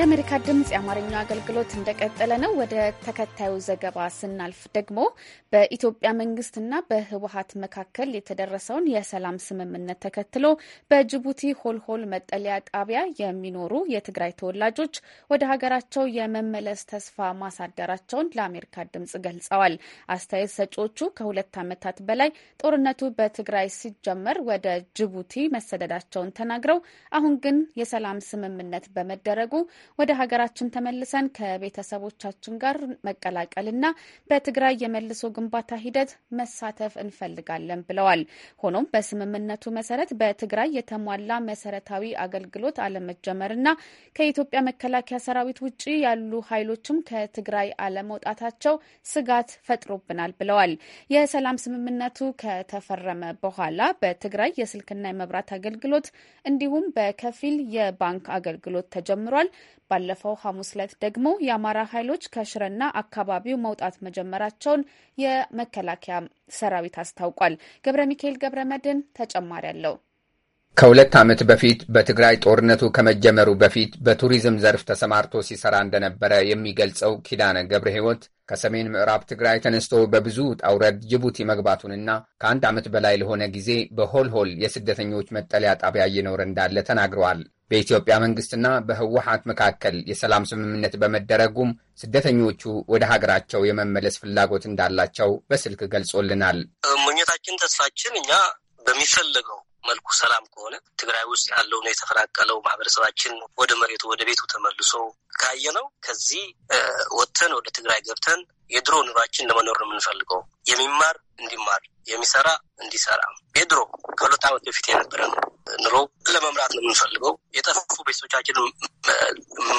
የአሜሪካ ድምፅ የአማርኛ አገልግሎት እንደቀጠለ ነው። ወደ ተከታዩ ዘገባ ስናልፍ ደግሞ በኢትዮጵያ መንግስትና በህወሀት መካከል የተደረሰውን የሰላም ስምምነት ተከትሎ በጅቡቲ ሆልሆል መጠለያ ጣቢያ የሚኖሩ የትግራይ ተወላጆች ወደ ሀገራቸው የመመለስ ተስፋ ማሳደራቸውን ለአሜሪካ ድምፅ ገልጸዋል። አስተያየት ሰጪዎቹ ከሁለት ዓመታት በላይ ጦርነቱ በትግራይ ሲጀመር ወደ ጅቡቲ መሰደዳቸውን ተናግረው አሁን ግን የሰላም ስምምነት በመደረጉ ወደ ሀገራችን ተመልሰን ከቤተሰቦቻችን ጋር መቀላቀልና በትግራይ የመልሶ ግንባታ ሂደት መሳተፍ እንፈልጋለን ብለዋል። ሆኖም በስምምነቱ መሰረት በትግራይ የተሟላ መሰረታዊ አገልግሎት አለመጀመርና ከኢትዮጵያ መከላከያ ሰራዊት ውጭ ያሉ ኃይሎችም ከትግራይ አለመውጣታቸው ስጋት ፈጥሮብናል ብለዋል። የሰላም ስምምነቱ ከተፈረመ በኋላ በትግራይ የስልክና የመብራት አገልግሎት እንዲሁም በከፊል የባንክ አገልግሎት ተጀምሯል። ባለፈው ሐሙስ ዕለት ደግሞ የአማራ ኃይሎች ከሽረና አካባቢው መውጣት መጀመራቸውን የመከላከያ ሰራዊት አስታውቋል። ገብረ ሚካኤል ገብረ መድን ተጨማሪ አለው። ከሁለት ዓመት በፊት በትግራይ ጦርነቱ ከመጀመሩ በፊት በቱሪዝም ዘርፍ ተሰማርቶ ሲሰራ እንደነበረ የሚገልጸው ኪዳነ ገብረ ሕይወት ከሰሜን ምዕራብ ትግራይ ተነስቶ በብዙ ጣውረድ ጅቡቲ መግባቱንና ከአንድ ዓመት በላይ ለሆነ ጊዜ በሆልሆል የስደተኞች መጠለያ ጣቢያ እየኖረ እንዳለ ተናግረዋል። በኢትዮጵያ መንግሥትና በህወሓት መካከል የሰላም ስምምነት በመደረጉም ስደተኞቹ ወደ ሀገራቸው የመመለስ ፍላጎት እንዳላቸው በስልክ ገልጾልናል። ምኞታችን፣ ተስፋችን እኛ በሚፈለገው መልኩ ሰላም ከሆነ ትግራይ ውስጥ ያለው ነው የተፈናቀለው ማህበረሰባችን ወደ መሬቱ ወደ ቤቱ ተመልሶ ካየ ነው ከዚህ ወጥተን ወደ ትግራይ ገብተን የድሮ ኑሯችን ለመኖር ነው የምንፈልገው። የሚማር እንዲማር፣ የሚሰራ እንዲሰራ። የድሮ ከሁለት ዓመት በፊት የነበረ ኑሮ ለመምራት ነው የምንፈልገው። የጠፉ ቤቶቻችን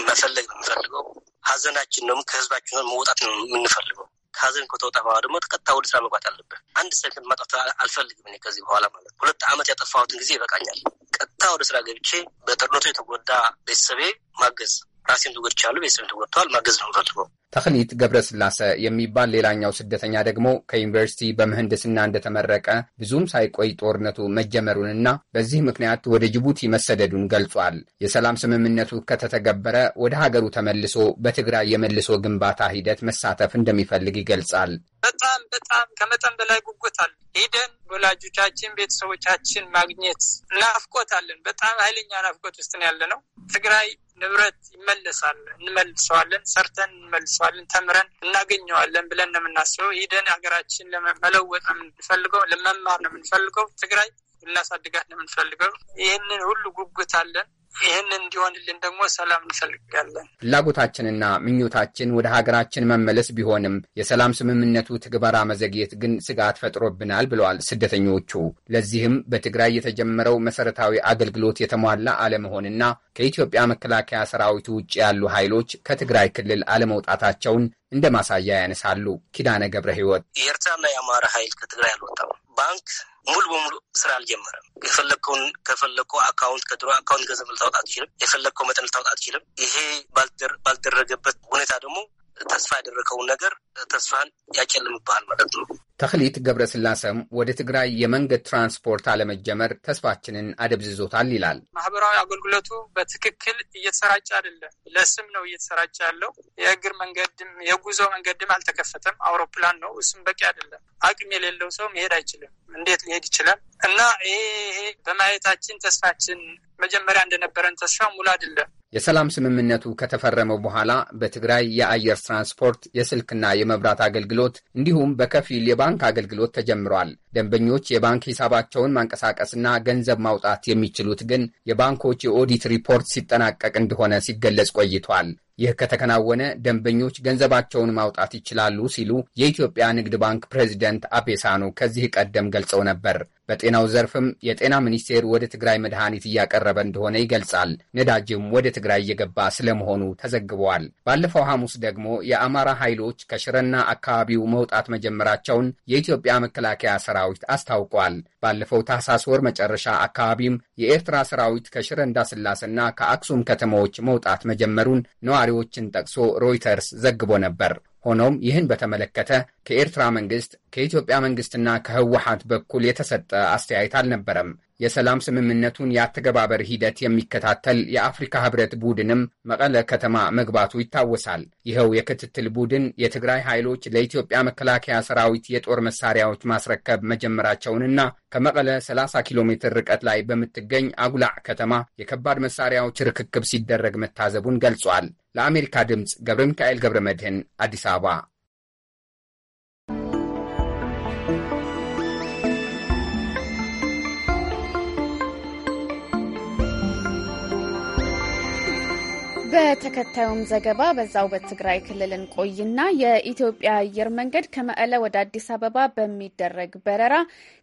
መፈለግ ነው የምንፈልገው። ሀዘናችን ነው ከህዝባችን መውጣት ነው የምንፈልገው። ከሀዘን ከተወጣ በኋላ ደግሞ ቀጥታ ወደ ስራ መግባት አለብን። አንድ ሰከንድ ማጣት አልፈልግም ከዚህ በኋላ ማለት ነው። ሁለት ዓመት ያጠፋሁትን ጊዜ ይበቃኛል። ቀጥታ ወደ ስራ ገብቼ በጦርነቱ የተጎዳ ቤተሰቤ ማገዝ ራሴም ትጎድቻሉ፣ ቤተሰብ ተጎድተዋል። ማገዝ ነው ፈልገው ተክሊት ገብረስላሴ የሚባል ሌላኛው ስደተኛ ደግሞ ከዩኒቨርሲቲ በምህንድስና እንደተመረቀ ብዙም ሳይቆይ ጦርነቱ መጀመሩንና በዚህ ምክንያት ወደ ጅቡቲ መሰደዱን ገልጿል። የሰላም ስምምነቱ ከተተገበረ ወደ ሀገሩ ተመልሶ በትግራይ የመልሶ ግንባታ ሂደት መሳተፍ እንደሚፈልግ ይገልጻል። በጣም በጣም ከመጠን በላይ ጉጉት አለ። ሂደን ወላጆቻችን፣ ቤተሰቦቻችን ማግኘት ናፍቆት አለን። በጣም ኃይለኛ ናፍቆት ውስጥ ያለ ነው። ትግራይ ንብረት ይመለሳል፣ እንመልሰዋለን፣ ሰርተን እናውቀዋለን፣ ተምረን እናገኘዋለን ብለን ነው የምናስበው። ሂደን ሀገራችን ለመለወጥ ነው የምንፈልገው፣ ለመማር ነው የምንፈልገው። ትግራይ ልናሳድጋት ነው የምንፈልገው። ይህንን ሁሉ ጉጉት አለን። ይህን እንዲሆንልን ደግሞ ሰላም እንፈልጋለን። ፍላጎታችንና ምኞታችን ወደ ሀገራችን መመለስ ቢሆንም የሰላም ስምምነቱ ትግበራ መዘግየት ግን ስጋት ፈጥሮብናል ብለዋል ስደተኞቹ። ለዚህም በትግራይ የተጀመረው መሰረታዊ አገልግሎት የተሟላ አለመሆንና ከኢትዮጵያ መከላከያ ሰራዊቱ ውጭ ያሉ ኃይሎች ከትግራይ ክልል አለመውጣታቸውን እንደ ማሳያ ያነሳሉ። ኪዳነ ገብረ ህይወት የኤርትራና የአማራ ኃይል ከትግራይ አልወጣም። ባንክ ሙሉ በሙሉ ስራ አልጀመረም። የፈለግከውን ከፈለግከው አካውንት ከድሮ አካውንት ገንዘብ ልታወጥ አትችልም። የፈለግከው መጠን ልታወጥ አትችልም። ይሄ ባልደረገበት ሁኔታ ደግሞ ተስፋ ያደረከውን ነገር ተስፋን ያጨልምብሃል ማለት ነው። ተክሊት ገብረስላሰም ወደ ትግራይ የመንገድ ትራንስፖርት አለመጀመር ተስፋችንን አደብዝዞታል ይላል። ማህበራዊ አገልግሎቱ በትክክል እየተሰራጨ አይደለም። ለስም ነው እየተሰራጨ ያለው። የእግር መንገድም የጉዞ መንገድም አልተከፈተም። አውሮፕላን ነው፣ እሱም በቂ አይደለም። አቅም የሌለው ሰው መሄድ አይችልም። እንዴት ሊሄድ ይችላል? እና ይሄ በማየታችን ተስፋችን መጀመሪያ እንደነበረን ተስፋ ሙሉ አይደለም። የሰላም ስምምነቱ ከተፈረመው በኋላ በትግራይ የአየር ትራንስፖርት፣ የስልክና የመብራት አገልግሎት እንዲሁም በከፊል የባንክ አገልግሎት ተጀምሯል። ደንበኞች የባንክ ሂሳባቸውን ማንቀሳቀስና ገንዘብ ማውጣት የሚችሉት ግን የባንኮች የኦዲት ሪፖርት ሲጠናቀቅ እንደሆነ ሲገለጽ ቆይቷል። ይህ ከተከናወነ ደንበኞች ገንዘባቸውን ማውጣት ይችላሉ ሲሉ የኢትዮጵያ ንግድ ባንክ ፕሬዚደንት አፔሳኖ ከዚህ ቀደም ገልጸው ነበር። በጤናው ዘርፍም የጤና ሚኒስቴር ወደ ትግራይ መድኃኒት እያቀረበ እንደሆነ ይገልጻል። ነዳጅም ወደ ትግራይ እየገባ ስለመሆኑ ተዘግበዋል። ባለፈው ሐሙስ ደግሞ የአማራ ኃይሎች ከሽረና አካባቢው መውጣት መጀመራቸውን የኢትዮጵያ መከላከያ ሰራዊት አስታውቋል። ባለፈው ታህሳስ ወር መጨረሻ አካባቢም የኤርትራ ሰራዊት ከሽረ እንዳስላሴና ከአክሱም ከተሞች መውጣት መጀመሩን ነዋ ተማሪዎችን ጠቅሶ ሮይተርስ ዘግቦ ነበር። ሆኖም ይህን በተመለከተ ከኤርትራ መንግስት፣ ከኢትዮጵያ መንግስትና ከህወሓት በኩል የተሰጠ አስተያየት አልነበረም። የሰላም ስምምነቱን የአተገባበር ሂደት የሚከታተል የአፍሪካ ህብረት ቡድንም መቀለ ከተማ መግባቱ ይታወሳል። ይኸው የክትትል ቡድን የትግራይ ኃይሎች ለኢትዮጵያ መከላከያ ሰራዊት የጦር መሳሪያዎች ማስረከብ መጀመራቸውንና ከመቀለ 30 ኪሎ ሜትር ርቀት ላይ በምትገኝ አጉላዕ ከተማ የከባድ መሳሪያዎች ርክክብ ሲደረግ መታዘቡን ገልጿል። ለአሜሪካ ድምፅ ገብረ ሚካኤል ገብረ መድህን አዲስ አበባ በተከታዩም ዘገባ በዛው በትግራይ ክልል እንቆይና የኢትዮጵያ አየር መንገድ ከመቀለ ወደ አዲስ አበባ በሚደረግ በረራ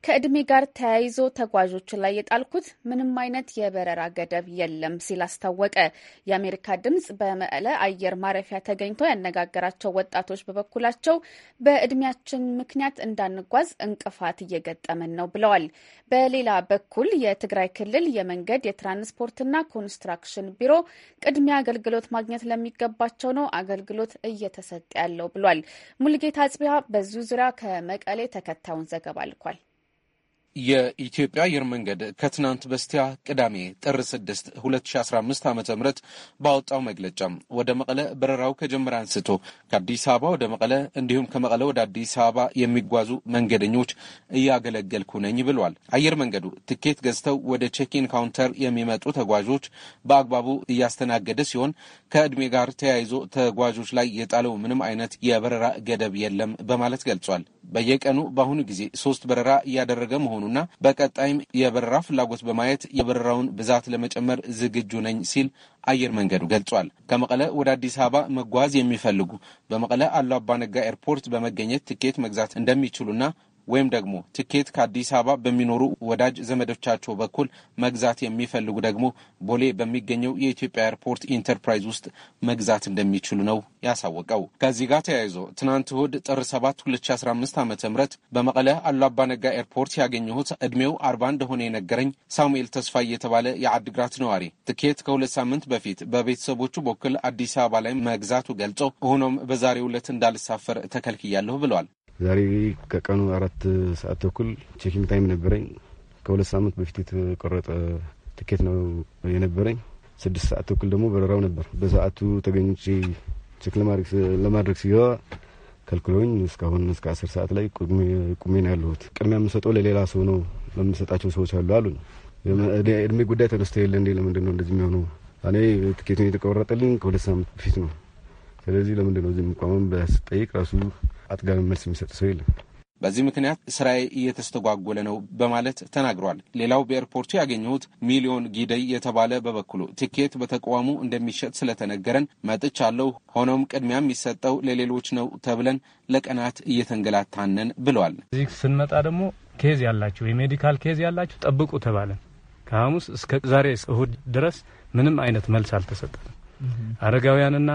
ከእድሜ ጋር ተያይዞ ተጓዦች ላይ የጣልኩት ምንም አይነት የበረራ ገደብ የለም ሲል አስታወቀ። የአሜሪካ ድምጽ በመቀለ አየር ማረፊያ ተገኝቶ ያነጋገራቸው ወጣቶች በበኩላቸው በእድሜያችን ምክንያት እንዳንጓዝ እንቅፋት እየገጠመን ነው ብለዋል። በሌላ በኩል የትግራይ ክልል የመንገድ የትራንስፖርትና ኮንስትራክሽን ቢሮ ቅድሚያ አገልግሎት ማግኘት ለሚገባቸው ነው አገልግሎት እየተሰጠ ያለው ብሏል። ሙልጌታ ጽቢያ በዚሁ ዙሪያ ከመቀሌ ተከታዩን ዘገባ ልኳል። የኢትዮጵያ አየር መንገድ ከትናንት በስቲያ ቅዳሜ ጥር 6 2015 ዓ ም ባወጣው መግለጫ ወደ መቀለ በረራው ከጀመረ አንስቶ ከአዲስ አበባ ወደ መቀለ እንዲሁም ከመቀለ ወደ አዲስ አበባ የሚጓዙ መንገደኞች እያገለገልኩ ነኝ ብሏል። አየር መንገዱ ትኬት ገዝተው ወደ ቼኪን ካውንተር የሚመጡ ተጓዦች በአግባቡ እያስተናገደ ሲሆን ከእድሜ ጋር ተያይዞ ተጓዦች ላይ የጣለው ምንም አይነት የበረራ ገደብ የለም በማለት ገልጿል። በየቀኑ በአሁኑ ጊዜ ሶስት በረራ እያደረገ መሆኑና በቀጣይም የበረራ ፍላጎት በማየት የበረራውን ብዛት ለመጨመር ዝግጁ ነኝ ሲል አየር መንገዱ ገልጿል። ከመቀለ ወደ አዲስ አበባ መጓዝ የሚፈልጉ በመቀለ አሉ አባነጋ ኤርፖርት በመገኘት ትኬት መግዛት እንደሚችሉና ወይም ደግሞ ትኬት ከአዲስ አበባ በሚኖሩ ወዳጅ ዘመዶቻቸው በኩል መግዛት የሚፈልጉ ደግሞ ቦሌ በሚገኘው የኢትዮጵያ ኤርፖርት ኢንተርፕራይዝ ውስጥ መግዛት እንደሚችሉ ነው ያሳወቀው። ከዚህ ጋር ተያይዞ ትናንት እሁድ ጥር 7 2015 ዓ ም በመቀለ አሉ ነጋ ኤርፖርት ያገኘሁት ዕድሜው አርባ እንደሆነ የነገረኝ ሳሙኤል ተስፋ እየተባለ የአድግራት ነዋሪ ትኬት ከሁለት ሳምንት በፊት በቤተሰቦቹ በኩል አዲስ አበባ ላይ መግዛቱ ገልጾ ሆኖም በዛሬው ዕለት እንዳልሳፈር ተከልክያለሁ ብለዋል። ዛሬ ከቀኑ አራት ሰዓት ተኩል ቼኪንግ ታይም ነበረኝ። ከሁለት ሳምንት በፊት የተቆረጠ ትኬት ነው የነበረኝ። ስድስት ሰዓት ተኩል ደግሞ በረራው ነበር። በሰዓቱ ተገኝቼ ቼክ ለማድረግ ሲገባ ከልክሎኝ እስካሁን እስከ አስር ሰዓት ላይ ቁሜ ነው ያለሁት። ቅድሚያ የምሰጠው ለሌላ ሰው ነው ለምንሰጣቸው ሰዎች አሉ አሉ እድሜ ጉዳይ ተነስቶ የለ እንዴ? ለምንድን ነው እንደዚህ የሚሆነው? እኔ ትኬቱን የተቆረጠልኝ ከሁለት ሳምንት በፊት ነው። ስለዚህ ለምንድን ነው እዚህ የሚቋመም ስጠይቅ ራሱ አጥጋቢ መልስ የሚሰጥ ሰው የለም። በዚህ ምክንያት ስራዬ እየተስተጓጎለ ነው በማለት ተናግሯል። ሌላው በኤርፖርቱ ያገኘሁት ሚሊዮን ጊደይ የተባለ በበኩሉ ቲኬት በተቋሙ እንደሚሸጥ ስለተነገረን መጥቻለሁ። ሆኖም ቅድሚያ የሚሰጠው ለሌሎች ነው ተብለን ለቀናት እየተንገላታነን ብለዋል። እዚህ ስንመጣ ደግሞ ኬዝ ያላችሁ የሜዲካል ኬዝ ያላችሁ ጠብቁ ተባለን። ከሐሙስ እስከ ዛሬ እሁድ ድረስ ምንም አይነት መልስ አልተሰጠንም። አረጋውያንና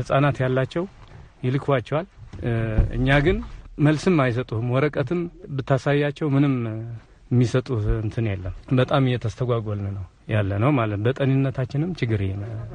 ህጻናት ያላቸው ይልኳቸዋል እኛ ግን መልስም አይሰጡህም። ወረቀትም ብታሳያቸው ምንም የሚሰጡህ እንትን የለም። በጣም እየተስተጓጎልን ነው ያለ ነው ማለት በጠንነታችንም ችግር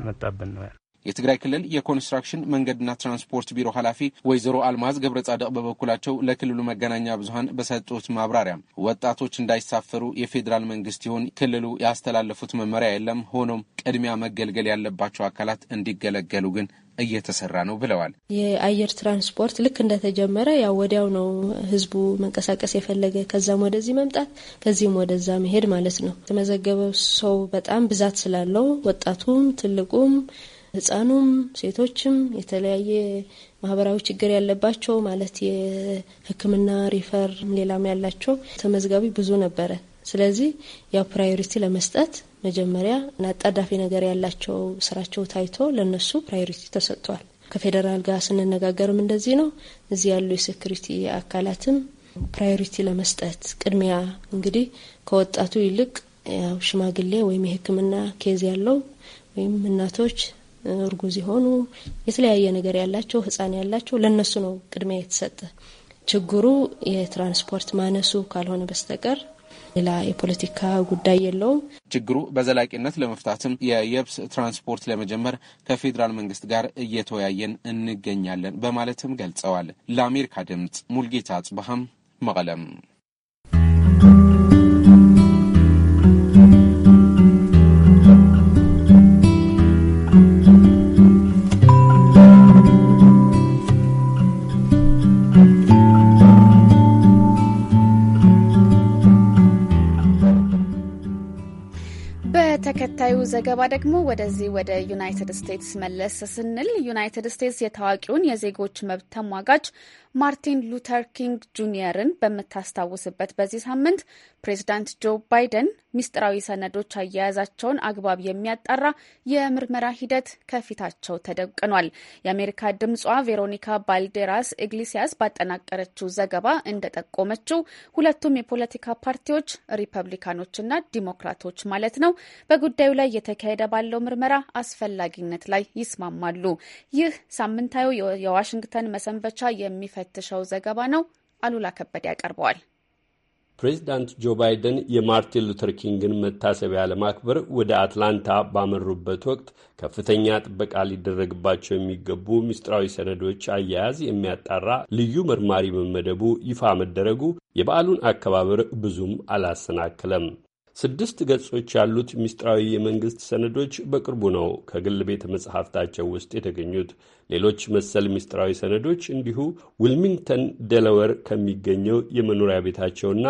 መጣብን ነው ያለ የትግራይ ክልል የኮንስትራክሽን መንገድና ትራንስፖርት ቢሮ ኃላፊ ወይዘሮ አልማዝ ገብረ ጻድቅ በበኩላቸው ለክልሉ መገናኛ ብዙኃን በሰጡት ማብራሪያ ወጣቶች እንዳይሳፈሩ የፌዴራል መንግስት ይሁን ክልሉ ያስተላለፉት መመሪያ የለም። ሆኖም ቅድሚያ መገልገል ያለባቸው አካላት እንዲገለገሉ ግን እየተሰራ ነው ብለዋል። የአየር ትራንስፖርት ልክ እንደተጀመረ ያው ወዲያው ነው ህዝቡ መንቀሳቀስ የፈለገ ከዛም ወደዚህ መምጣት ከዚህም ወደዛ መሄድ ማለት ነው። የተመዘገበው ሰው በጣም ብዛት ስላለው ወጣቱም፣ ትልቁም፣ ህፃኑም ሴቶችም የተለያየ ማህበራዊ ችግር ያለባቸው ማለት የህክምና ሪፈር ሌላም ያላቸው ተመዝጋቢ ብዙ ነበረ። ስለዚህ ያው ፕራዮሪቲ ለመስጠት መጀመሪያ አጣዳፊ ነገር ያላቸው ስራቸው ታይቶ ለነሱ ፕራዮሪቲ ተሰጥቷል። ከፌዴራል ጋር ስንነጋገርም እንደዚህ ነው። እዚህ ያሉ የሴኩሪቲ አካላትም ፕራዮሪቲ ለመስጠት ቅድሚያ እንግዲህ ከወጣቱ ይልቅ ያው ሽማግሌ ወይም የሕክምና ኬዝ ያለው ወይም እናቶች እርጉዝ የሆኑ የተለያየ ነገር ያላቸው ህጻን ያላቸው ለእነሱ ነው ቅድሚያ የተሰጠ። ችግሩ የትራንስፖርት ማነሱ ካልሆነ በስተቀር ሌላ የፖለቲካ ጉዳይ የለውም። ችግሩ በዘላቂነት ለመፍታትም የየብስ ትራንስፖርት ለመጀመር ከፌዴራል መንግስት ጋር እየተወያየን እንገኛለን በማለትም ገልጸዋል። ለአሜሪካ ድምፅ ሙልጌታ አጽባሃም መቀለም ተከታዩ ዘገባ ደግሞ ወደዚህ ወደ ዩናይትድ ስቴትስ መለስ ስንል ዩናይትድ ስቴትስ የታዋቂውን የዜጎች መብት ተሟጋች ማርቲን ሉተር ኪንግ ጁኒየርን በምታስታውስበት በዚህ ሳምንት ፕሬዚዳንት ጆ ባይደን ሚስጥራዊ ሰነዶች አያያዛቸውን አግባብ የሚያጣራ የምርመራ ሂደት ከፊታቸው ተደቅኗል። የአሜሪካ ድምጿ ቬሮኒካ ባልዴራስ ኢግሊሲያስ ባጠናቀረችው ዘገባ እንደጠቆመችው ሁለቱም የፖለቲካ ፓርቲዎች ሪፐብሊካኖችና ዲሞክራቶች ማለት ነው በጉዳዩ ላይ የተካሄደ ባለው ምርመራ አስፈላጊነት ላይ ይስማማሉ። ይህ ሳምንታዊ የዋሽንግተን መሰንበቻ የሚፈ የሚፈትሸው ዘገባ ነው። አሉላ ከበደ ያቀርበዋል። ፕሬዚዳንት ጆ ባይደን የማርቲን ሉተር ኪንግን መታሰቢያ ለማክበር ወደ አትላንታ ባመሩበት ወቅት ከፍተኛ ጥበቃ ሊደረግባቸው የሚገቡ ምስጢራዊ ሰነዶች አያያዝ የሚያጣራ ልዩ መርማሪ መመደቡ ይፋ መደረጉ የበዓሉን አከባበር ብዙም አላሰናክለም። ስድስት ገጾች ያሉት ምስጢራዊ የመንግስት ሰነዶች በቅርቡ ነው ከግል ቤተ መጽሐፍታቸው ውስጥ የተገኙት። ሌሎች መሰል ምስጢራዊ ሰነዶች እንዲሁ ዊልሚንግተን ደለወር ከሚገኘው የመኖሪያ ቤታቸውና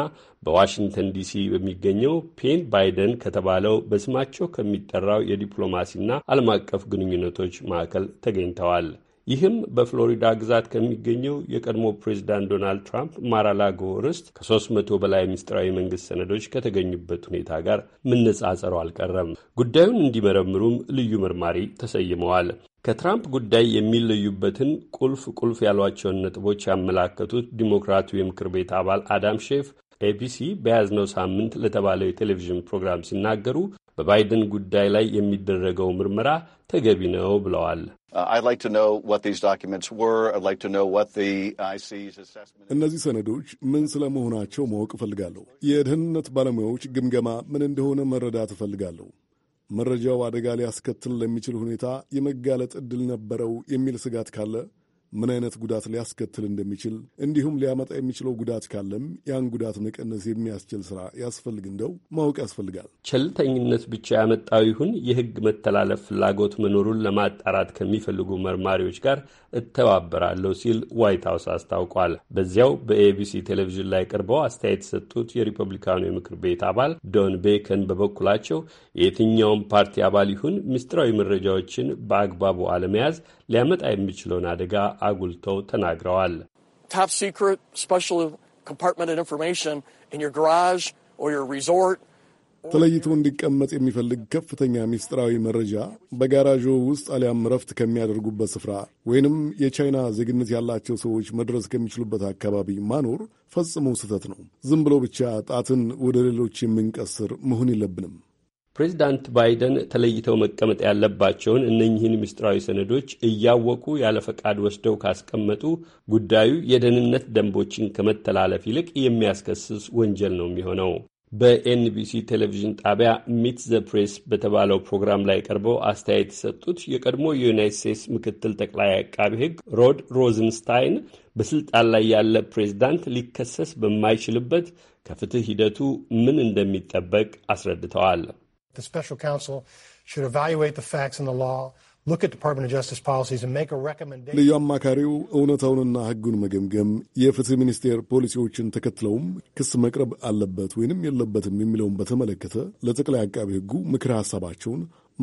በዋሽንግተን ዲሲ በሚገኘው ፔን ባይደን ከተባለው በስማቸው ከሚጠራው የዲፕሎማሲና ዓለም አቀፍ ግንኙነቶች ማዕከል ተገኝተዋል። ይህም በፍሎሪዳ ግዛት ከሚገኘው የቀድሞ ፕሬዚዳንት ዶናልድ ትራምፕ ማራላጎ ርስት ከ300 በላይ ምስጢራዊ መንግሥት ሰነዶች ከተገኙበት ሁኔታ ጋር መነጻጸሩ አልቀረም። ጉዳዩን እንዲመረምሩም ልዩ መርማሪ ተሰይመዋል። ከትራምፕ ጉዳይ የሚለዩበትን ቁልፍ ቁልፍ ያሏቸውን ነጥቦች ያመላከቱት ዲሞክራቱ የምክር ቤት አባል አዳም ሼፍ ኤቢሲ በያዝነው ሳምንት ለተባለው የቴሌቪዥን ፕሮግራም ሲናገሩ በባይደን ጉዳይ ላይ የሚደረገው ምርመራ ተገቢ ነው ብለዋል። እነዚህ ሰነዶች ምን ስለመሆናቸው ማወቅ እፈልጋለሁ። የደህንነት ባለሙያዎች ግምገማ ምን እንደሆነ መረዳት እፈልጋለሁ። መረጃው አደጋ ሊያስከትል ለሚችል ሁኔታ የመጋለጥ ዕድል ነበረው የሚል ስጋት ካለ ምን አይነት ጉዳት ሊያስከትል እንደሚችል እንዲሁም ሊያመጣ የሚችለው ጉዳት ካለም ያን ጉዳት መቀነስ የሚያስችል ስራ ያስፈልግ እንደው ማወቅ ያስፈልጋል። ቸልተኝነት ብቻ ያመጣው ይሁን የህግ መተላለፍ ፍላጎት መኖሩን ለማጣራት ከሚፈልጉ መርማሪዎች ጋር እተባበራለሁ ሲል ዋይት ሀውስ አስታውቋል። በዚያው በኤቢሲ ቴሌቪዥን ላይ ቀርበው አስተያየት የሰጡት የሪፐብሊካኑ የምክር ቤት አባል ዶን ቤከን በበኩላቸው የትኛውም ፓርቲ አባል ይሁን ምስጢራዊ መረጃዎችን በአግባቡ አለመያዝ ሊያመጣ የሚችለውን አደጋ አጉልተው ተናግረዋል። ተለይቶ እንዲቀመጥ የሚፈልግ ከፍተኛ ሚስጥራዊ መረጃ በጋራዦ ውስጥ አሊያም ረፍት ከሚያደርጉበት ስፍራ ወይንም የቻይና ዜግነት ያላቸው ሰዎች መድረስ ከሚችሉበት አካባቢ ማኖር ፈጽሞ ስህተት ነው። ዝም ብሎ ብቻ ጣትን ወደ ሌሎች የምንቀስር መሆን የለብንም። ፕሬዚዳንት ባይደን ተለይተው መቀመጥ ያለባቸውን እነኚህን ምስጢራዊ ሰነዶች እያወቁ ያለ ፈቃድ ወስደው ካስቀመጡ ጉዳዩ የደህንነት ደንቦችን ከመተላለፍ ይልቅ የሚያስከስስ ወንጀል ነው የሚሆነው። በኤንቢሲ ቴሌቪዥን ጣቢያ ሚት ዘ ፕሬስ በተባለው ፕሮግራም ላይ ቀርበው አስተያየት የሰጡት የቀድሞ የዩናይት ስቴትስ ምክትል ጠቅላይ አቃቢ ሕግ ሮድ ሮዝንስታይን በስልጣን ላይ ያለ ፕሬዝዳንት ሊከሰስ በማይችልበት ከፍትህ ሂደቱ ምን እንደሚጠበቅ አስረድተዋል። The special counsel should evaluate the facts and the law. ልዩ አማካሪው እውነታውንና ሕጉን መገምገም የፍትህ ሚኒስቴር ፖሊሲዎችን ተከትለውም ክስ መቅረብ አለበት ወይንም የለበትም የሚለውን በተመለከተ ለጠቅላይ አቃቢ ሕጉ ምክረ ሀሳባቸውን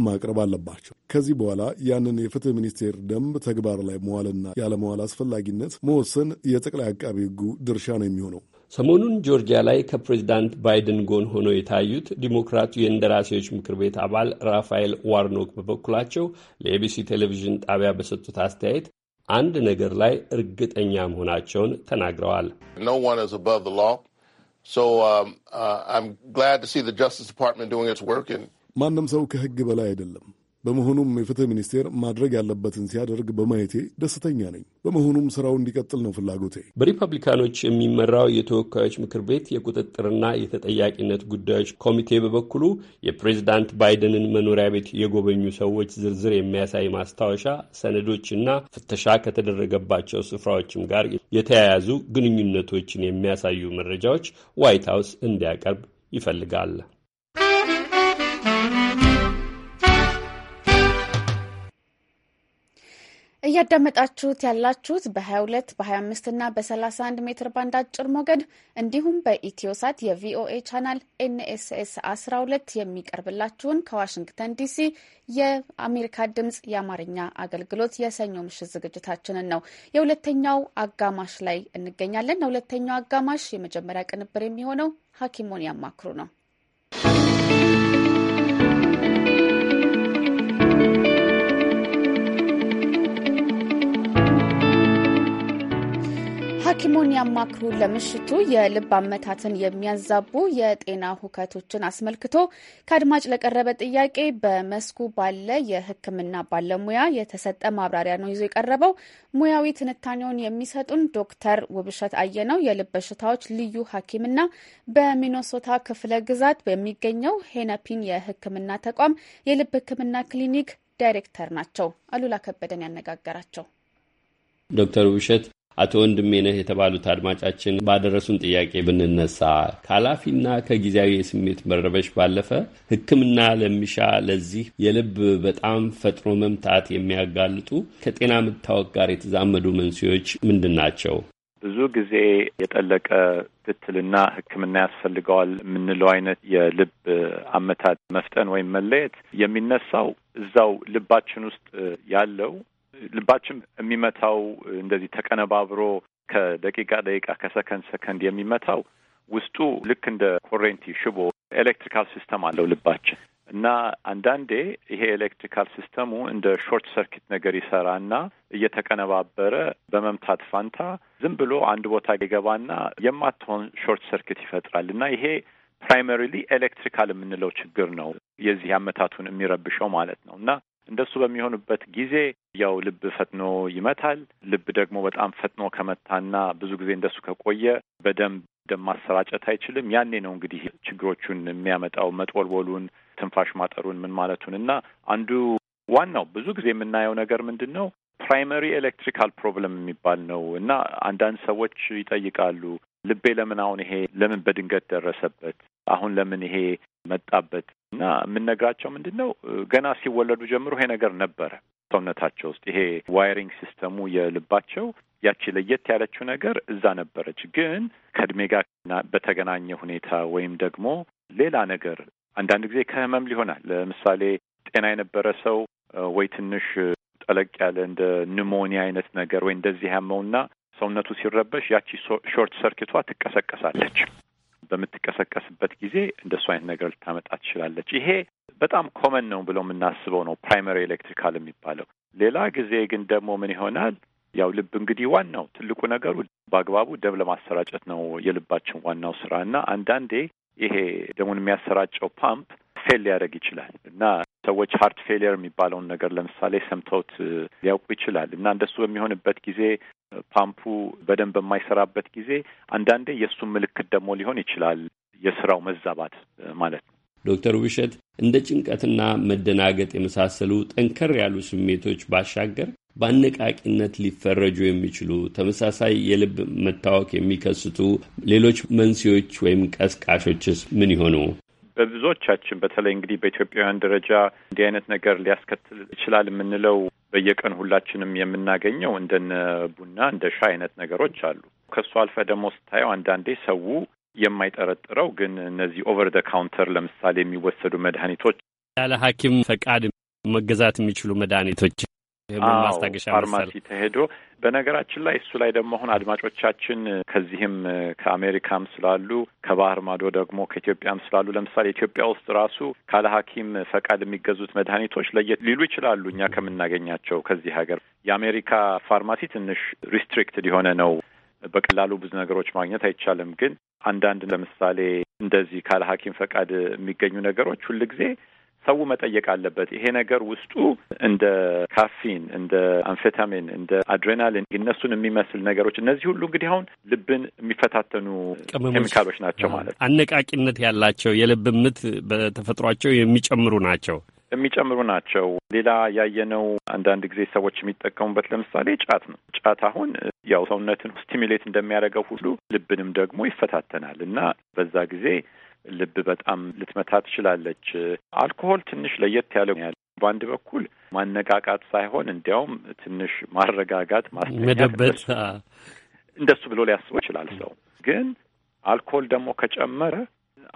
ማቅረብ አለባቸው። ከዚህ በኋላ ያንን የፍትህ ሚኒስቴር ደንብ ተግባር ላይ መዋልና ያለመዋል አስፈላጊነት መወሰን የጠቅላይ አቃቢ ሕጉ ድርሻ ነው የሚሆነው። ሰሞኑን ጆርጂያ ላይ ከፕሬዚዳንት ባይደን ጎን ሆነው የታዩት ዲሞክራቱ የእንደራሴዎች ምክር ቤት አባል ራፋኤል ዋርኖክ በበኩላቸው ለኤቢሲ ቴሌቪዥን ጣቢያ በሰጡት አስተያየት አንድ ነገር ላይ እርግጠኛ መሆናቸውን ተናግረዋል። um, uh, ማንም ሰው ከሕግ በላይ አይደለም። በመሆኑም የፍትህ ሚኒስቴር ማድረግ ያለበትን ሲያደርግ በማየቴ ደስተኛ ነኝ። በመሆኑም ስራው እንዲቀጥል ነው ፍላጎቴ። በሪፐብሊካኖች የሚመራው የተወካዮች ምክር ቤት የቁጥጥርና የተጠያቂነት ጉዳዮች ኮሚቴ በበኩሉ የፕሬዚዳንት ባይደንን መኖሪያ ቤት የጎበኙ ሰዎች ዝርዝር የሚያሳይ ማስታወሻ ሰነዶችና ፍተሻ ከተደረገባቸው ስፍራዎችም ጋር የተያያዙ ግንኙነቶችን የሚያሳዩ መረጃዎች ዋይት ሀውስ እንዲያቀርብ ይፈልጋል። እያዳመጣችሁት ያላችሁት በ22 በ25 እና በ31 ሜትር ባንድ አጭር ሞገድ እንዲሁም በኢትዮሳት የቪኦኤ ቻናል ኤንኤስኤስ 12 የሚቀርብላችሁን ከዋሽንግተን ዲሲ የአሜሪካ ድምፅ የአማርኛ አገልግሎት የሰኞ ምሽት ዝግጅታችንን ነው። የሁለተኛው አጋማሽ ላይ እንገኛለን። ለሁለተኛው አጋማሽ የመጀመሪያ ቅንብር የሚሆነው ሐኪሙን ያማክሩ ነው። ሐኪሙን ያማክሩ ለምሽቱ የልብ አመታትን የሚያዛቡ የጤና ሁከቶችን አስመልክቶ ከአድማጭ ለቀረበ ጥያቄ በመስኩ ባለ የሕክምና ባለሙያ የተሰጠ ማብራሪያ ነው ይዞ የቀረበው። ሙያዊ ትንታኔውን የሚሰጡን ዶክተር ውብሸት አየነው የልብ በሽታዎች ልዩ ሐኪምና በሚኖሶታ ክፍለ ግዛት በሚገኘው ሄነፒን የሕክምና ተቋም የልብ ሕክምና ክሊኒክ ዳይሬክተር ናቸው። አሉላ ከበደን ያነጋገራቸው ዶክተር ውብሸት አቶ ነህ የተባሉት አድማጫችን ባደረሱን ጥያቄ ብንነሳ ከኃላፊና ከጊዜያዊ የስሜት መረበሽ ባለፈ ሕክምና ለሚሻ ለዚህ የልብ በጣም ፈጥኖ መምታት የሚያጋልጡ ከጤና ምታወቅ ጋር የተዛመዱ መንስኤዎች ምንድን ናቸው? ብዙ ጊዜ የጠለቀ ክትትልና ሕክምና ያስፈልገዋል የምንለው አይነት የልብ አመታት መፍጠን ወይም መለየት የሚነሳው እዛው ልባችን ውስጥ ያለው ልባችን የሚመታው እንደዚህ ተቀነባብሮ ከደቂቃ ደቂቃ ከሰከንድ ሰከንድ የሚመታው ውስጡ ልክ እንደ ኮሬንቲ ሽቦ ኤሌክትሪካል ሲስተም አለው ልባችን እና አንዳንዴ ይሄ ኤሌክትሪካል ሲስተሙ እንደ ሾርት ሰርኪት ነገር ይሰራና እየተቀነባበረ በመምታት ፋንታ ዝም ብሎ አንድ ቦታ ይገባና የማትሆን ሾርት ሰርኪት ይፈጥራል እና ይሄ ፕራይመሪሊ ኤሌክትሪካል የምንለው ችግር ነው የዚህ አመታቱን የሚረብሸው ማለት ነው እና እንደሱ በሚሆንበት ጊዜ ያው ልብ ፈጥኖ ይመታል። ልብ ደግሞ በጣም ፈጥኖ ከመታና ብዙ ጊዜ እንደሱ ከቆየ በደንብ ደም ማሰራጨት አይችልም። ያኔ ነው እንግዲህ ችግሮቹን የሚያመጣው መጦልቦሉን፣ ትንፋሽ ማጠሩን፣ ምን ማለቱን እና አንዱ ዋናው ብዙ ጊዜ የምናየው ነገር ምንድን ነው ፕራይመሪ ኤሌክትሪካል ፕሮብለም የሚባል ነው እና አንዳንድ ሰዎች ይጠይቃሉ ልቤ ለምን አሁን ይሄ ለምን በድንገት ደረሰበት? አሁን ለምን ይሄ መጣበት? እና የምነግራቸው ምንድን ነው ገና ሲወለዱ ጀምሮ ይሄ ነገር ነበረ ሰውነታቸው ውስጥ ይሄ ዋይሪንግ ሲስተሙ የልባቸው ያቺ ለየት ያለችው ነገር እዛ ነበረች። ግን ከእድሜ ጋር በተገናኘ ሁኔታ ወይም ደግሞ ሌላ ነገር አንዳንድ ጊዜ ከህመም ሊሆናል። ለምሳሌ ጤና የነበረ ሰው ወይ ትንሽ ጠለቅ ያለ እንደ ኒሞኒ አይነት ነገር ወይ እንደዚህ ያመውና ሰውነቱ ሲረበሽ ያቺ ሾርት ሰርኪቷ ትቀሰቀሳለች። በምትቀሰቀስበት ጊዜ እንደሱ አይነት ነገር ልታመጣ ትችላለች። ይሄ በጣም ኮመን ነው ብሎ የምናስበው ነው ፕራይመሪ ኤሌክትሪካል የሚባለው። ሌላ ጊዜ ግን ደግሞ ምን ይሆናል? ያው ልብ እንግዲህ ዋናው ትልቁ ነገሩ በአግባቡ ደም ለማሰራጨት ነው የልባችን ዋናው ስራ እና አንዳንዴ ይሄ ደሙን የሚያሰራጨው ፓምፕ ፌል ሊያደርግ ይችላል እና ሰዎች ሀርት ፌሊየር የሚባለውን ነገር ለምሳሌ ሰምተውት ሊያውቁ ይችላል እና እንደሱ በሚሆንበት ጊዜ ፓምፑ በደንብ በማይሰራበት ጊዜ አንዳንዴ የእሱን ምልክት ደግሞ ሊሆን ይችላል የስራው መዛባት ማለት ነው። ዶክተር ውብሸት እንደ ጭንቀትና መደናገጥ የመሳሰሉ ጠንከር ያሉ ስሜቶች ባሻገር በአነቃቂነት ሊፈረጁ የሚችሉ ተመሳሳይ የልብ መታወክ የሚከስቱ ሌሎች መንስኤዎች ወይም ቀስቃሾችስ ምን ይሆኑ? በብዙዎቻችን በተለይ እንግዲህ በኢትዮጵያውያን ደረጃ እንዲህ አይነት ነገር ሊያስከትል ይችላል የምንለው በየቀን ሁላችንም የምናገኘው እንደነ ቡና እንደ ሻ አይነት ነገሮች አሉ። ከሱ አልፈ ደግሞ ስታየው አንዳንዴ ሰው የማይጠረጥረው ግን እነዚህ ኦቨር ደ ካውንተር ለምሳሌ የሚወሰዱ መድኃኒቶች ያለ ሐኪም ፈቃድ መገዛት የሚችሉ መድኃኒቶች ማስታገሻ ፋርማሲ ተሄዶ በነገራችን ላይ እሱ ላይ ደግሞ አሁን አድማጮቻችን ከዚህም ከአሜሪካም ስላሉ ከባህር ማዶ ደግሞ ከኢትዮጵያም ስላሉ ለምሳሌ ኢትዮጵያ ውስጥ ራሱ ካለ ሐኪም ፈቃድ የሚገዙት መድኃኒቶች ለየት ሊሉ ይችላሉ። እኛ ከምናገኛቸው ከዚህ ሀገር የአሜሪካ ፋርማሲ ትንሽ ሪስትሪክትድ የሆነ ነው። በቀላሉ ብዙ ነገሮች ማግኘት አይቻልም። ግን አንዳንድ ለምሳሌ እንደዚህ ካለ ሐኪም ፈቃድ የሚገኙ ነገሮች ሁልጊዜ ሰው መጠየቅ አለበት። ይሄ ነገር ውስጡ እንደ ካፊን፣ እንደ አንፌታሚን፣ እንደ አድሬናሊን እነሱን የሚመስል ነገሮች እነዚህ ሁሉ እንግዲህ አሁን ልብን የሚፈታተኑ ኬሚካሎች ናቸው ማለት አነቃቂነት ያላቸው የልብ ምት በተፈጥሯቸው የሚጨምሩ ናቸው የሚጨምሩ ናቸው። ሌላ ያየነው አንዳንድ ጊዜ ሰዎች የሚጠቀሙበት ለምሳሌ ጫት ነው። ጫት አሁን ያው ሰውነትን ስቲሚሌት እንደሚያደርገው ሁሉ ልብንም ደግሞ ይፈታተናል እና በዛ ጊዜ ልብ በጣም ልትመታ ትችላለች። አልኮሆል ትንሽ ለየት ያለ በአንድ በኩል ማነቃቃት ሳይሆን እንዲያውም ትንሽ ማረጋጋት፣ ማስተኛት እንደሱ ብሎ ሊያስበው ይችላል ሰው። ግን አልኮል ደግሞ ከጨመረ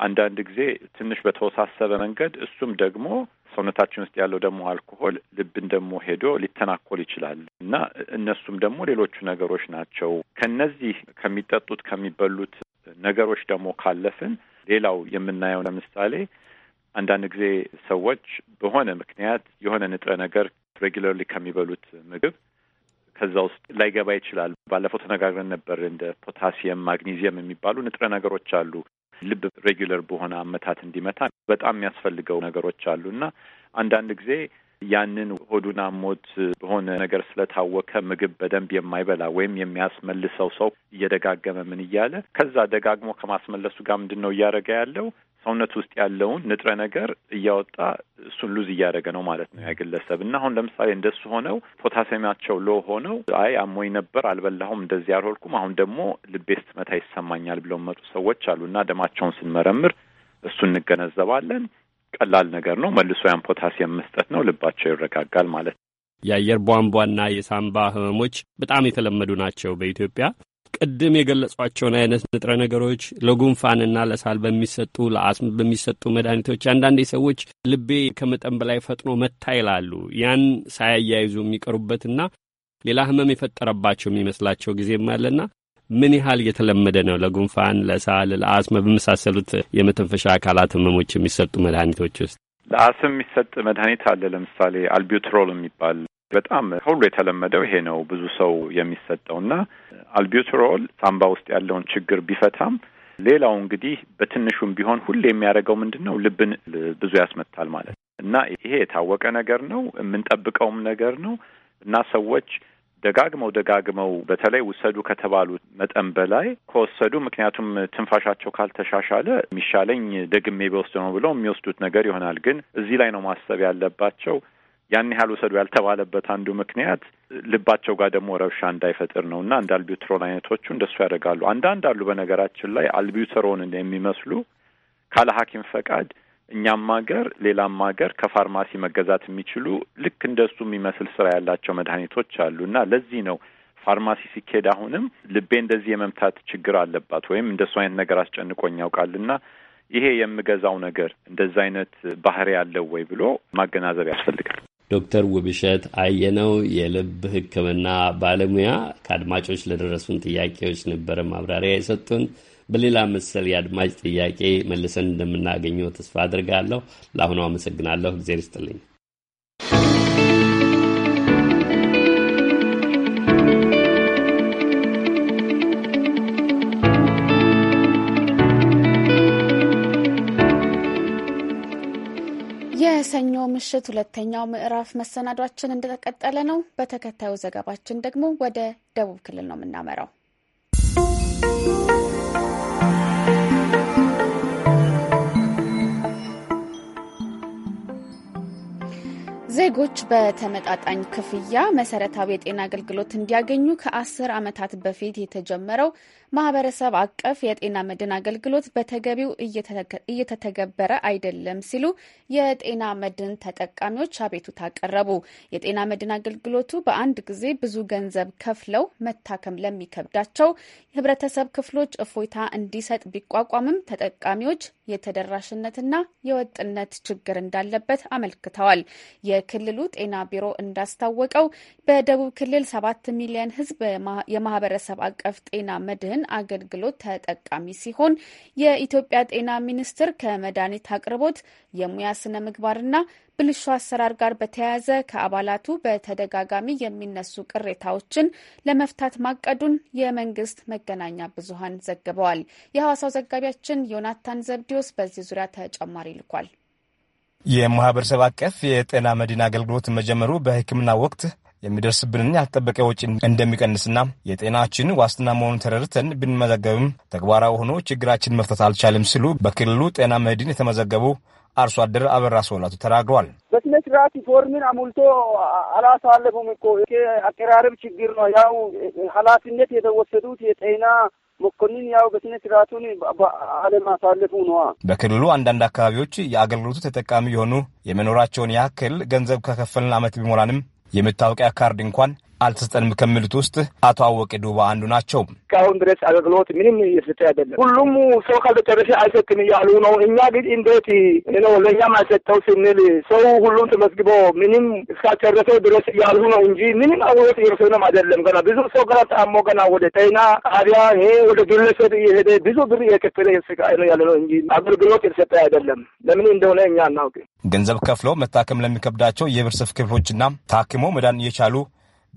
አንዳንድ ጊዜ ትንሽ በተወሳሰበ መንገድ እሱም ደግሞ ሰውነታችን ውስጥ ያለው ደግሞ አልኮሆል ልብን ደግሞ ሄዶ ሊተናኮል ይችላል እና እነሱም ደግሞ ሌሎቹ ነገሮች ናቸው። ከነዚህ ከሚጠጡት ከሚበሉት ነገሮች ደግሞ ካለፍን ሌላው የምናየው ለምሳሌ አንዳንድ ጊዜ ሰዎች በሆነ ምክንያት የሆነ ንጥረ ነገር ሬጊለርሊ ከሚበሉት ምግብ ከዛ ውስጥ ላይገባ ይችላል። ባለፈው ተነጋግረን ነበር። እንደ ፖታሲየም፣ ማግኒዚየም የሚባሉ ንጥረ ነገሮች አሉ። ልብ ሬጊለር በሆነ አመታት እንዲመታ በጣም የሚያስፈልገው ነገሮች አሉ እና አንዳንድ ጊዜ ያንን ሆዱን አሞት በሆነ ነገር ስለታወከ ምግብ በደንብ የማይበላ ወይም የሚያስመልሰው ሰው እየደጋገመ ምን እያለ ከዛ ደጋግሞ ከማስመለሱ ጋር ምንድን ነው እያደረገ ያለው? ሰውነት ውስጥ ያለውን ንጥረ ነገር እያወጣ እሱን ሉዝ እያደረገ ነው ማለት ነው ያግለሰብ እና አሁን ለምሳሌ እንደሱ ሆነው ፖታሴሚያቸው ሎ ሆነው አይ አሞኝ ነበር አልበላሁም፣ እንደዚህ አልሆልኩም፣ አሁን ደግሞ ልቤ ስትመታ ይሰማኛል ብለው መጡ ሰዎች አሉ። እና ደማቸውን ስንመረምር እሱ እንገነዘባለን። ቀላል ነገር ነው። መልሶ ያን ፖታሲየም መስጠት ነው። ልባቸው ይረጋጋል ማለት ነው። የአየር ቧንቧና የሳምባ ህመሞች በጣም የተለመዱ ናቸው በኢትዮጵያ። ቅድም የገለጿቸውን አይነት ንጥረ ነገሮች ለጉንፋንና ለሳል በሚሰጡ ለአስም በሚሰጡ መድኃኒቶች አንዳንዴ ሰዎች ልቤ ከመጠን በላይ ፈጥኖ መታ ይላሉ። ያን ሳያያይዙ የሚቀሩበትና ሌላ ህመም የፈጠረባቸው የሚመስላቸው ጊዜም አለና ምን ያህል የተለመደ ነው? ለጉንፋን፣ ለሳል፣ ለአስመ በመሳሰሉት የመተንፈሻ አካላት ህመሞች የሚሰጡ መድኃኒቶች ውስጥ ለአስም የሚሰጥ መድኃኒት አለ። ለምሳሌ አልቢውትሮል የሚባል በጣም ሁሉ የተለመደው ይሄ ነው፣ ብዙ ሰው የሚሰጠው እና አልቢውትሮል ሳምባ ውስጥ ያለውን ችግር ቢፈታም ሌላው እንግዲህ በትንሹም ቢሆን ሁሌ የሚያደርገው ምንድን ነው? ልብን ብዙ ያስመታል ማለት ነው እና ይሄ የታወቀ ነገር ነው፣ የምንጠብቀውም ነገር ነው እና ሰዎች ደጋግመው ደጋግመው በተለይ ውሰዱ ከተባሉ መጠን በላይ ከወሰዱ ምክንያቱም ትንፋሻቸው ካልተሻሻለ የሚሻለኝ ደግሜ ቢወስድ ነው ብለው የሚወስዱት ነገር ይሆናል። ግን እዚህ ላይ ነው ማሰብ ያለባቸው። ያን ያህል ውሰዱ ያልተባለበት አንዱ ምክንያት ልባቸው ጋር ደግሞ ረብሻ እንዳይፈጥር ነው እና እንደ አልቢውትሮን አይነቶቹ እንደሱ ያደርጋሉ። አንዳንድ አሉ በነገራችን ላይ አልቢውትሮንን የሚመስሉ ካለ ሐኪም ፈቃድ እኛም ሀገር ሌላም ሀገር ከፋርማሲ መገዛት የሚችሉ ልክ እንደሱ የሚመስል ስራ ያላቸው መድኃኒቶች አሉ እና ለዚህ ነው ፋርማሲ ሲኬድ አሁንም ልቤ እንደዚህ የመምታት ችግር አለባት ወይም እንደሱ አይነት ነገር አስጨንቆኝ ያውቃልና ይሄ የምገዛው ነገር እንደዛ አይነት ባህሪ ያለው ወይ ብሎ ማገናዘብ ያስፈልጋል። ዶክተር ውብሸት አየነው የልብ ሕክምና ባለሙያ ከአድማጮች ለደረሱን ጥያቄዎች ነበረ ማብራሪያ የሰጡን። በሌላ መሰል የአድማጭ ጥያቄ መልሰን እንደምናገኘው ተስፋ አድርጋለሁ። ለአሁኑ አመሰግናለሁ። እግዜር ይስጥልኝ። የሰኞ ምሽት ሁለተኛው ምዕራፍ መሰናዷችን እንደተቀጠለ ነው። በተከታዩ ዘገባችን ደግሞ ወደ ደቡብ ክልል ነው የምናመራው። ዜጎች በተመጣጣኝ ክፍያ መሰረታዊ የጤና አገልግሎት እንዲያገኙ ከአስር ዓመታት በፊት የተጀመረው ማህበረሰብ አቀፍ የጤና መድን አገልግሎት በተገቢው እየተተገበረ አይደለም ሲሉ የጤና መድን ተጠቃሚዎች አቤቱታ አቀረቡ። የጤና መድን አገልግሎቱ በአንድ ጊዜ ብዙ ገንዘብ ከፍለው መታከም ለሚከብዳቸው ህብረተሰብ ክፍሎች እፎይታ እንዲሰጥ ቢቋቋምም ተጠቃሚዎች የተደራሽነትና የወጥነት ችግር እንዳለበት አመልክተዋል። የክልሉ ጤና ቢሮ እንዳስታወቀው በደቡብ ክልል ሰባት ሚሊዮን ህዝብ የማህበረሰብ አቀፍ ጤና መድህን የመድን አገልግሎት ተጠቃሚ ሲሆን የኢትዮጵያ ጤና ሚኒስቴር ከመድኃኒት አቅርቦት የሙያ ስነ ምግባርና ብልሹ አሰራር ጋር በተያያዘ ከአባላቱ በተደጋጋሚ የሚነሱ ቅሬታዎችን ለመፍታት ማቀዱን የመንግስት መገናኛ ብዙሀን ዘግበዋል። የሐዋሳው ዘጋቢያችን ዮናታን ዘብዲዮስ በዚህ ዙሪያ ተጨማሪ ልኳል። የማህበረሰብ አቀፍ የጤና መድን አገልግሎት መጀመሩ በሕክምና ወቅት የሚደርስብንን ያልጠበቀ ወጪ እንደሚቀንስና የጤናችን ዋስትና መሆኑን ተረድተን ብንመዘገብም ተግባራዊ ሆኖ ችግራችን መፍታት አልቻልም ሲሉ በክልሉ ጤና መድን የተመዘገቡ አርሶ አደር አበራ ሶላቱ ተናግሯል። በስነ ስርዓት ፎርምን አሙልቶ አላሳለፉም እኮ አቀራረብ ችግር ነው። ያው ኃላፊነት የተወሰዱት የጤና መኮንን ያው በስነ ስርዓቱን አለማሳለፉ ነዋ። በክልሉ አንዳንድ አካባቢዎች የአገልግሎቱ ተጠቃሚ የሆኑ የመኖራቸውን ያክል ገንዘብ ከከፈልን ዓመት ቢሞላንም የመታወቂያ ካርድ እንኳን አልተሰጠንም ከሚሉት ውስጥ አቶ አወቄ ዱባ አንዱ ናቸው። እስካሁን ድረስ አገልግሎት ምንም እየሰጠ አይደለም። ሁሉም ሰው ካልተጨረሰ አይሰጥም እያሉ ነው። እኛ ግን እንዴት ነው ለእኛም አይሰጠው ስንል ሰው ሁሉም ተመዝግቦ ምንም እስካልጨረሰው ድረስ እያሉ ነው እንጂ ምንም አገልግሎት እየሰጠንም አይደለም። ገና ብዙ ሰው ገና ታሞ ገና ወደ ጤና ጣቢያ ይሄ ወደ ግለሰብ እየሄደ ብዙ ብር እየከፈለ ስቃይ ነው ያለ ነው እንጂ አገልግሎት የተሰጠ አይደለም። ለምን እንደሆነ እኛ አናውቅም። ገንዘብ ከፍለው መታከም ለሚከብዳቸው የህብረተሰብ ክፍሎችና ታክሞ መዳን እየቻሉ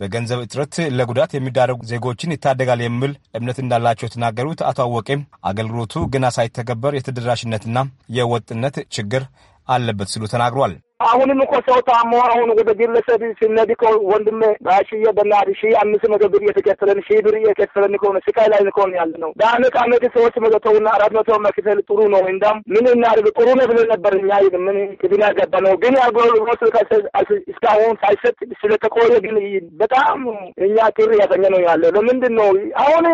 በገንዘብ እጥረት ለጉዳት የሚዳረጉ ዜጎችን ይታደጋል የሚል እምነት እንዳላቸው የተናገሩት አቶ አወቄም አገልግሎቱ ገና ሳይተገበር የተደራሽነትና የወጥነት ችግር አለበት ሲሉ ተናግሯል። አሁንም እኮ ሰው ታሞ አሁን ወደ ግለሰብ ሲነድ እኮ ወንድሜ በሺህ በናድ ሺህ አምስት መቶ ብር እየተከፈለን ሺ ብር እየከፈለን ከሆነ ስቃይ ላይ ከሆነ ያለ ነው። በአመት አመት ሰዎች መዘተውና አራት መቶ መክፈል ጥሩ ነው። እንዳም ምን እናድርግ ጥሩ ነው ብለን ነበር እኛ ምን ክድና ገባ ነው ግን ያጎሎስ እስካሁን ሳይሰጥ ስለተቆየ ግን በጣም እኛ ቅር ያሰኘ ነው ያለ ለምንድን ነው አሁን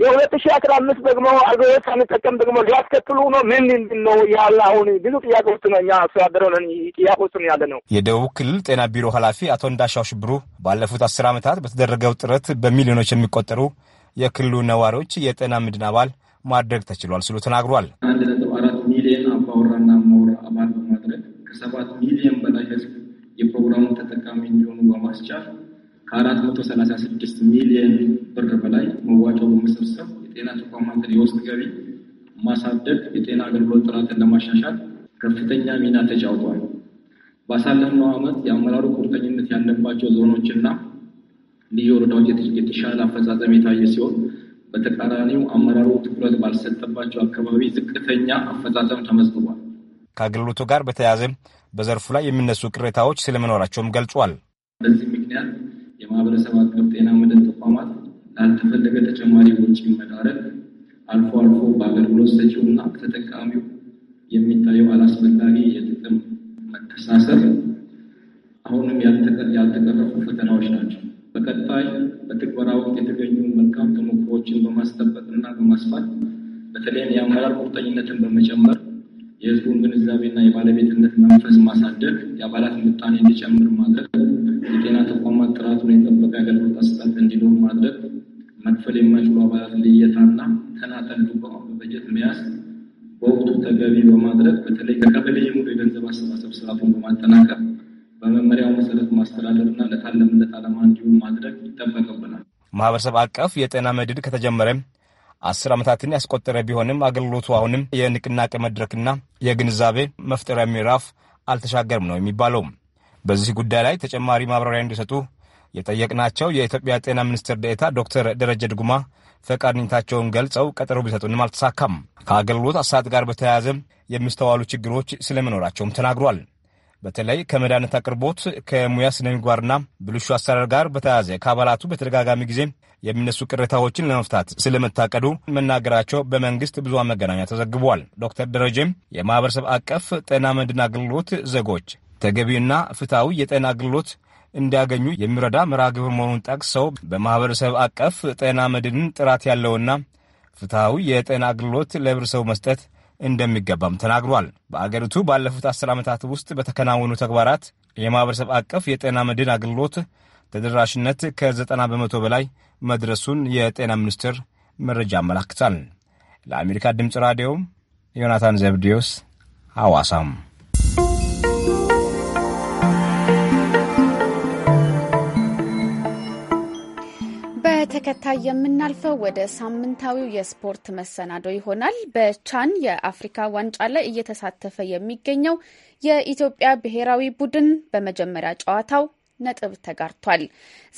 የሁለት ሺ አስራ አምስት ደግሞ አገሮች ሳንጠቀም ደግሞ ሊያስከትሉ ነው። ምን ምንድን ነው ያለ አሁን ብዙ ጥያቄ ውስጥ ነው እኛ እሱ ነን ጥያቄ ውስጥ ነው ያለ ነው። የደቡብ ክልል ጤና ቢሮ ኃላፊ አቶ እንዳሻው ሽብሩ ባለፉት አስር ዓመታት በተደረገው ጥረት በሚሊዮኖች የሚቆጠሩ የክልሉ ነዋሪዎች የጤና ምድን አባል ማድረግ ተችሏል ሲሉ ተናግሯል። አንድ ነጥብ አራት ሚሊዮን አባወራና አማወራ አባል በማድረግ ከሰባት ሚሊዮን በላይ ህዝብ የፕሮግራሙ ተጠቃሚ እንዲሆኑ በማስቻል ከ ስድስት ሚሊዮን ብር በላይ መዋጮ በመሰብሰብ የጤና ተቋማትን የውስጥ ገቢ ማሳደግ፣ የጤና አገልግሎት ጥራትን ለማሻሻል ከፍተኛ ሚና ተጫውቷል። ባሳለፍነው ዓመት የአመራሩ ቁርጠኝነት ያለባቸው ዞኖችና ልዩ ወረዳዎች የተሻለ አፈጻጸም የታየ ሲሆን በተቃራኒው አመራሩ ትኩረት ባልሰጠባቸው አካባቢ ዝቅተኛ አፈጻጸም ተመዝግቧል። ከአገልግሎቱ ጋር በተያያዘ በዘርፉ ላይ የሚነሱ ቅሬታዎች ስለመኖራቸውም ገልጿል። በዚህ ምክንያት የማህበረሰብ አቀፍ ጤና መድን ተቋማት ላልተፈለገ ተጨማሪ ወጪ መዳረግ አልፎ አልፎ በአገልግሎት እና ተጠቃሚው የሚታየው አላስፈላጊ የጥቅም መተሳሰር አሁንም ያልተቀረፉ ፈተናዎች ናቸው። በቀጣይ በትግበራ ወቅት የተገኙ መልካም ተሞክሮዎችን እና በማስፋት በተለይም የአመራር ቁርጠኝነትን በመጨመር የህዝቡን ግንዛቤና የባለቤትነት መንፈስ ማሳደግ፣ የአባላት ምጣኔ እንዲጨምር ማድረግ የጤና ተቋማት ጥራቱን የጠበቀ አገልግሎት አሰጣጥ እንዲኖር ማድረግ፣ መክፈል የማይችሉ አባላት ልየታና ተናጠል ድጎማ በበጀት መያዝ በወቅቱ ተገቢ በማድረግ በተለይ ከቀበሌ ጀምሮ የገንዘብ አሰባሰብ ስርዓቱን በማጠናከር በመመሪያው መሰረት ማስተዳደርና ለታለምለት ዓላማ እንዲሁም ማድረግ ይጠበቅብናል። ማህበረሰብ አቀፍ የጤና መድን ከተጀመረ አስር ዓመታትን ያስቆጠረ ቢሆንም አገልግሎቱ አሁንም የንቅናቄ መድረክና የግንዛቤ መፍጠሪያ ምዕራፍ አልተሻገርም ነው የሚባለው። በዚህ ጉዳይ ላይ ተጨማሪ ማብራሪያ እንዲሰጡ የጠየቅናቸው የኢትዮጵያ ጤና ሚኒስትር ዴኤታ ዶክተር ደረጀ ድጉማ ፈቃድኝታቸውን ገልጸው ቀጠሮ ቢሰጡንም አልተሳካም። ከአገልግሎት አሰጣጥ ጋር በተያያዘ የሚስተዋሉ ችግሮች ስለመኖራቸውም ተናግሯል። በተለይ ከመድኃኒት አቅርቦት ከሙያ ስነ ምግባርና ብልሹ አሰራር ጋር በተያያዘ ከአባላቱ በተደጋጋሚ ጊዜ የሚነሱ ቅሬታዎችን ለመፍታት ስለመታቀዱ መናገራቸው በመንግስት ብዙሃን መገናኛ ተዘግቧል። ዶክተር ደረጀም የማህበረሰብ አቀፍ ጤና መድን አገልግሎት ዜጎች ተገቢና ፍትሐዊ የጤና አገልግሎት እንዲያገኙ የሚረዳ መርሃ ግብር መሆኑን ጠቅሰው በማህበረሰብ አቀፍ ጤና መድንን ጥራት ያለውና ፍትሐዊ የጤና አገልግሎት ለህብረተሰቡ መስጠት እንደሚገባም ተናግሯል። በአገሪቱ ባለፉት አስር ዓመታት ውስጥ በተከናወኑ ተግባራት የማህበረሰብ አቀፍ የጤና መድን አገልግሎት ተደራሽነት ከዘጠና በመቶ በላይ መድረሱን የጤና ሚኒስቴር መረጃ አመላክታል። ለአሜሪካ ድምፅ ራዲዮ ዮናታን ዘብዲዮስ ሐዋሳም በተከታይ የምናልፈው ወደ ሳምንታዊው የስፖርት መሰናዶ ይሆናል። በቻን የአፍሪካ ዋንጫ ላይ እየተሳተፈ የሚገኘው የኢትዮጵያ ብሔራዊ ቡድን በመጀመሪያ ጨዋታው ነጥብ ተጋርቷል።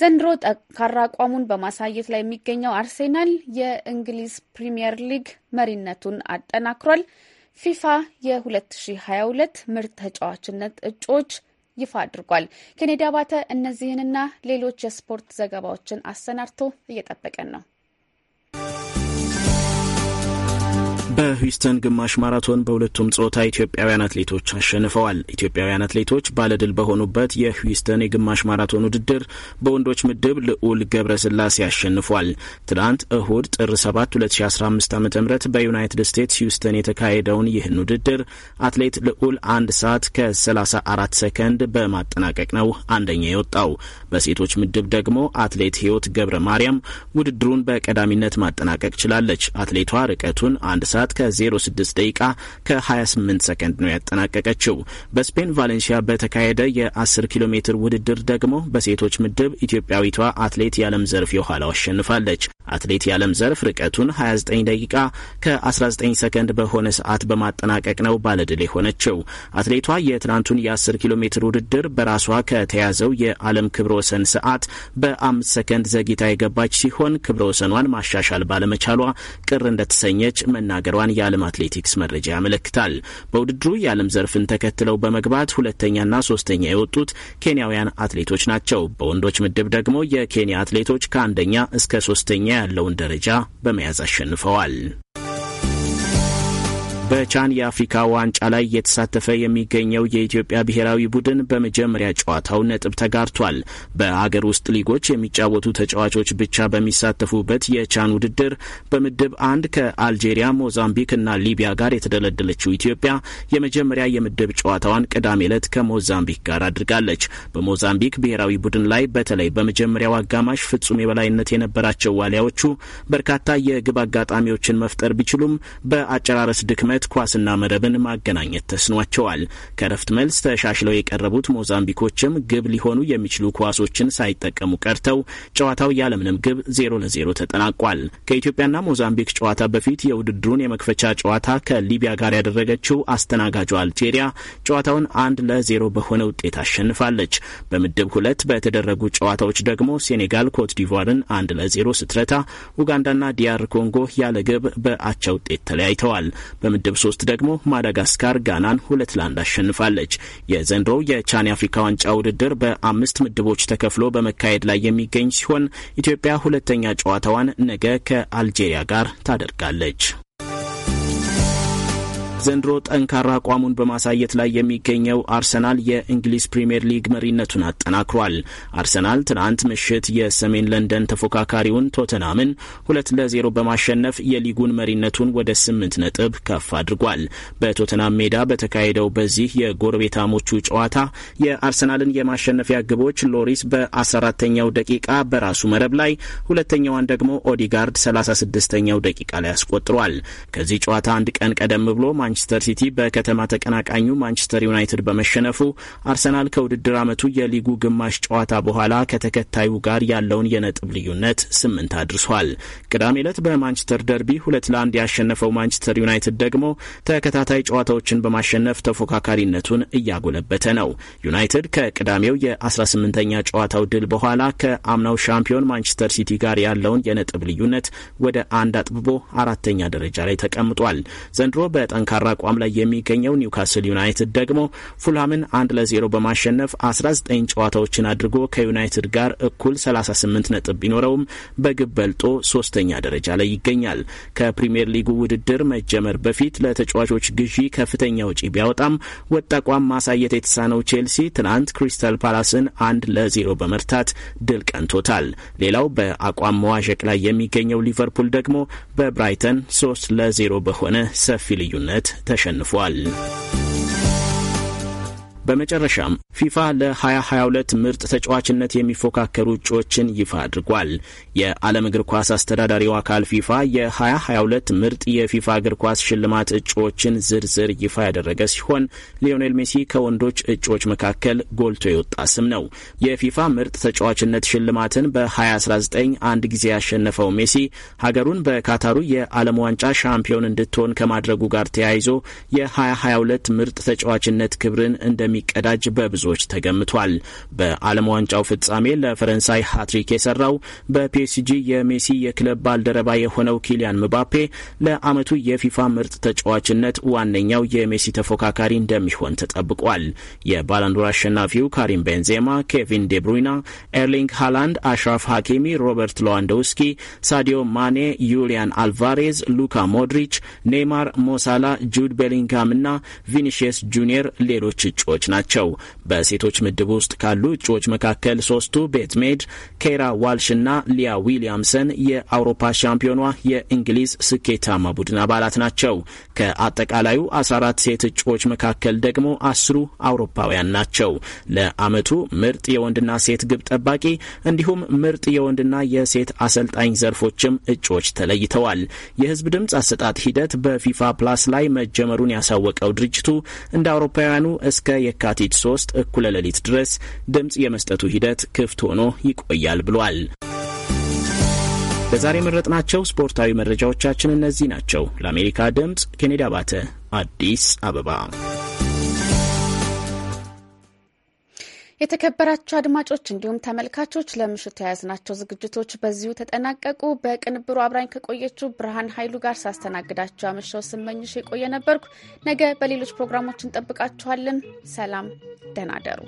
ዘንድሮ ጠንካራ አቋሙን በማሳየት ላይ የሚገኘው አርሴናል የእንግሊዝ ፕሪምየር ሊግ መሪነቱን አጠናክሯል። ፊፋ የ2022 ምርጥ ተጫዋችነት እጩዎች ይፋ አድርጓል። ኬኔዲ አባተ እነዚህንና ሌሎች የስፖርት ዘገባዎችን አሰናድቶ እየጠበቀን ነው። በሂውስተን ግማሽ ማራቶን በሁለቱም ጾታ ኢትዮጵያውያን አትሌቶች አሸንፈዋል። ኢትዮጵያውያን አትሌቶች ባለድል በሆኑበት የሂውስተን የግማሽ ማራቶን ውድድር በወንዶች ምድብ ልዑል ገብረስላሴ አሸንፏል። ትናንት እሁድ ጥር 7 2015 ዓ ም በዩናይትድ ስቴትስ ሂውስተን የተካሄደውን ይህን ውድድር አትሌት ልዑል አንድ ሰዓት ከ34 ሰከንድ በማጠናቀቅ ነው አንደኛ የወጣው። በሴቶች ምድብ ደግሞ አትሌት ህይወት ገብረ ማርያም ውድድሩን በቀዳሚነት ማጠናቀቅ ችላለች። አትሌቷ ርቀቱን አንድ ሰዓት ከ06 ደቂቃ ከ28 ሰከንድ ነው ያጠናቀቀችው። በስፔን ቫሌንሲያ በተካሄደ የ10 ኪሎ ሜትር ውድድር ደግሞ በሴቶች ምድብ ኢትዮጵያዊቷ አትሌት የዓለም ዘርፍ የኋላው አሸንፋለች። አትሌት የዓለም ዘርፍ ርቀቱን 29 ደቂቃ ከ19 ሰከንድ በሆነ ሰዓት በማጠናቀቅ ነው ባለድል የሆነችው። አትሌቷ የትናንቱን የ10 ኪሎ ሜትር ውድድር በራሷ ከተያዘው የዓለም ክብረ ወሰን ሰዓት በአምስት ሰከንድ ዘግይታ የገባች ሲሆን ክብረ ወሰኗን ማሻሻል ባለመቻሏ ቅር እንደተሰኘች መናገሯን የዓለም አትሌቲክስ መረጃ ያመለክታል። በውድድሩ የዓለም ዘርፍን ተከትለው በመግባት ሁለተኛና ሶስተኛ የወጡት ኬንያውያን አትሌቶች ናቸው። በወንዶች ምድብ ደግሞ የኬንያ አትሌቶች ከአንደኛ እስከ ሶስተኛ ያለውን ደረጃ በመያዝ አሸንፈዋል። በቻን የአፍሪካ ዋንጫ ላይ እየተሳተፈ የሚገኘው የኢትዮጵያ ብሔራዊ ቡድን በመጀመሪያ ጨዋታው ነጥብ ተጋርቷል። በአገር ውስጥ ሊጎች የሚጫወቱ ተጫዋቾች ብቻ በሚሳተፉበት የቻን ውድድር በምድብ አንድ ከአልጄሪያ፣ ሞዛምቢክ እና ሊቢያ ጋር የተደለደለችው ኢትዮጵያ የመጀመሪያ የምድብ ጨዋታዋን ቅዳሜ ዕለት ከሞዛምቢክ ጋር አድርጋለች። በሞዛምቢክ ብሔራዊ ቡድን ላይ በተለይ በመጀመሪያው አጋማሽ ፍጹም የበላይነት የነበራቸው ዋሊያዎቹ በርካታ የግብ አጋጣሚዎችን መፍጠር ቢችሉም በአጨራረስ ድክመት በፍጥነት ኳስና መረብን ማገናኘት ተስኗቸዋል። ከረፍት መልስ ተሻሽለው የቀረቡት ሞዛምቢኮችም ግብ ሊሆኑ የሚችሉ ኳሶችን ሳይጠቀሙ ቀርተው ጨዋታው ያለምንም ግብ ዜሮ ለዜሮ ተጠናቋል። ከኢትዮጵያና ሞዛምቢክ ጨዋታ በፊት የውድድሩን የመክፈቻ ጨዋታ ከሊቢያ ጋር ያደረገችው አስተናጋጇ አልጄሪያ ጨዋታውን አንድ ለዜሮ በሆነ ውጤት አሸንፋለች። በምድብ ሁለት በተደረጉ ጨዋታዎች ደግሞ ሴኔጋል ኮት ዲቫርን አንድ ለዜሮ ስትረታ፣ ኡጋንዳና ዲያር ኮንጎ ያለ ግብ በአቻ ውጤት ተለያይተዋል። ምድብ ሶስት ደግሞ ማዳጋስካር ጋናን ሁለት ለአንድ አሸንፋለች። የዘንድሮው የቻን አፍሪካ ዋንጫ ውድድር በአምስት ምድቦች ተከፍሎ በመካሄድ ላይ የሚገኝ ሲሆን ኢትዮጵያ ሁለተኛ ጨዋታዋን ነገ ከአልጄሪያ ጋር ታደርጋለች። ዘንድሮ ጠንካራ አቋሙን በማሳየት ላይ የሚገኘው አርሰናል የእንግሊዝ ፕሪምየር ሊግ መሪነቱን አጠናክሯል። አርሰናል ትናንት ምሽት የሰሜን ለንደን ተፎካካሪውን ቶተናምን ሁለት ለዜሮ በማሸነፍ የሊጉን መሪነቱን ወደ ስምንት ነጥብ ከፍ አድርጓል። በቶተናም ሜዳ በተካሄደው በዚህ የጎረቤታሞቹ ጨዋታ የአርሰናልን የማሸነፊያ ግቦች ሎሪስ በ14ተኛው ደቂቃ በራሱ መረብ ላይ ሁለተኛዋን ደግሞ ኦዲጋርድ 36ተኛው ደቂቃ ላይ አስቆጥሯል። ከዚህ ጨዋታ አንድ ቀን ቀደም ብሎ ማንቸስተር ሲቲ በከተማ ተቀናቃኙ ማንቸስተር ዩናይትድ በመሸነፉ አርሰናል ከውድድር ዓመቱ የሊጉ ግማሽ ጨዋታ በኋላ ከተከታዩ ጋር ያለውን የነጥብ ልዩነት ስምንት አድርሷል። ቅዳሜ ዕለት በማንቸስተር ደርቢ ሁለት ለአንድ ያሸነፈው ማንቸስተር ዩናይትድ ደግሞ ተከታታይ ጨዋታዎችን በማሸነፍ ተፎካካሪነቱን እያጎለበተ ነው። ዩናይትድ ከቅዳሜው የ18ኛ ጨዋታው ድል በኋላ ከአምናው ሻምፒዮን ማንቸስተር ሲቲ ጋር ያለውን የነጥብ ልዩነት ወደ አንድ አጥብቦ አራተኛ ደረጃ ላይ ተቀምጧል። ዘንድሮ በጠንካ ጠንካራ አቋም ላይ የሚገኘው ኒውካስል ዩናይትድ ደግሞ ፉልሃምን አንድ ለዜሮ በማሸነፍ 19 ጨዋታዎችን አድርጎ ከዩናይትድ ጋር እኩል 38 ነጥብ ቢኖረውም በግብ በልጦ ሶስተኛ ደረጃ ላይ ይገኛል። ከፕሪምየር ሊጉ ውድድር መጀመር በፊት ለተጫዋቾች ግዢ ከፍተኛ ውጪ ቢያወጣም ወጥ አቋም ማሳየት የተሳነው ቼልሲ ትናንት ክሪስታል ፓላስን አንድ ለዜሮ በመርታት ድል ቀንቶታል። ሌላው በአቋም መዋዠቅ ላይ የሚገኘው ሊቨርፑል ደግሞ በብራይተን ሶስት ለዜሮ በሆነ ሰፊ ልዩነት ተሸንፏል። በመጨረሻም ፊፋ ለ2022 ምርጥ ተጫዋችነት የሚፎካከሩ እጩዎችን ይፋ አድርጓል። የዓለም እግር ኳስ አስተዳዳሪው አካል ፊፋ የ2022 ምርጥ የፊፋ እግር ኳስ ሽልማት እጩዎችን ዝርዝር ይፋ ያደረገ ሲሆን ሊዮኔል ሜሲ ከወንዶች እጩዎች መካከል ጎልቶ የወጣ ስም ነው። የፊፋ ምርጥ ተጫዋችነት ሽልማትን በ2019 አንድ ጊዜ ያሸነፈው ሜሲ ሀገሩን በካታሩ የዓለም ዋንጫ ሻምፒዮን እንድትሆን ከማድረጉ ጋር ተያይዞ የ2022 ምርጥ ተጫዋችነት ክብርን እንደሚ እንደሚቀዳጅ በብዙዎች ተገምቷል። በዓለም ዋንጫው ፍጻሜ ለፈረንሳይ ሀትሪክ የሰራው በፒኤስጂ የሜሲ የክለብ ባልደረባ የሆነው ኪሊያን ምባፔ ለዓመቱ የፊፋ ምርጥ ተጫዋችነት ዋነኛው የሜሲ ተፎካካሪ እንደሚሆን ተጠብቋል። የባላንዶር አሸናፊው ካሪም ቤንዜማ፣ ኬቪን ዴብሩይና፣ ኤርሊንግ ሃላንድ፣ አሽራፍ ሀኪሚ፣ ሮበርት ሎዋንዶውስኪ፣ ሳዲዮ ማኔ፣ ዩሊያን አልቫሬዝ፣ ሉካ ሞድሪች፣ ኔይማር፣ ሞሳላ፣ ጁድ ቤሊንጋም እና ቪኒሺየስ ጁኒየር ሌሎች እጩዎች ናቸው። በሴቶች ምድብ ውስጥ ካሉ እጩዎች መካከል ሶስቱ ቤትሜድ፣ ኬራ ዋልሽ እና ሊያ ዊሊያምሰን የአውሮፓ ሻምፒዮኗ የእንግሊዝ ስኬታማ ቡድን አባላት ናቸው። ከአጠቃላዩ 14 ሴት እጩዎች መካከል ደግሞ አስሩ አውሮፓውያን ናቸው። ለዓመቱ ምርጥ የወንድና ሴት ግብ ጠባቂ እንዲሁም ምርጥ የወንድና የሴት አሰልጣኝ ዘርፎችም እጩዎች ተለይተዋል። የህዝብ ድምፅ አሰጣጥ ሂደት በፊፋ ፕላስ ላይ መጀመሩን ያሳወቀው ድርጅቱ እንደ አውሮፓውያኑ እስከ የካቲት 3 እኩለ ሌሊት ድረስ ድምፅ የመስጠቱ ሂደት ክፍት ሆኖ ይቆያል ብሏል። ለዛሬ የመረጥናቸው ስፖርታዊ መረጃዎቻችን እነዚህ ናቸው። ለአሜሪካ ድምፅ ኬኔዲ አባተ አዲስ አበባ የተከበራችሁ አድማጮች እንዲሁም ተመልካቾች ለምሽቱ የያዝናቸው ዝግጅቶች በዚሁ ተጠናቀቁ። በቅንብሩ አብራኝ ከቆየችው ብርሃን ኃይሉ ጋር ሳስተናግዳችሁ አመሻው ስመኝሽ የቆየ ነበርኩ። ነገ በሌሎች ፕሮግራሞች እንጠብቃችኋለን። ሰላም፣ ደህና ደሩ።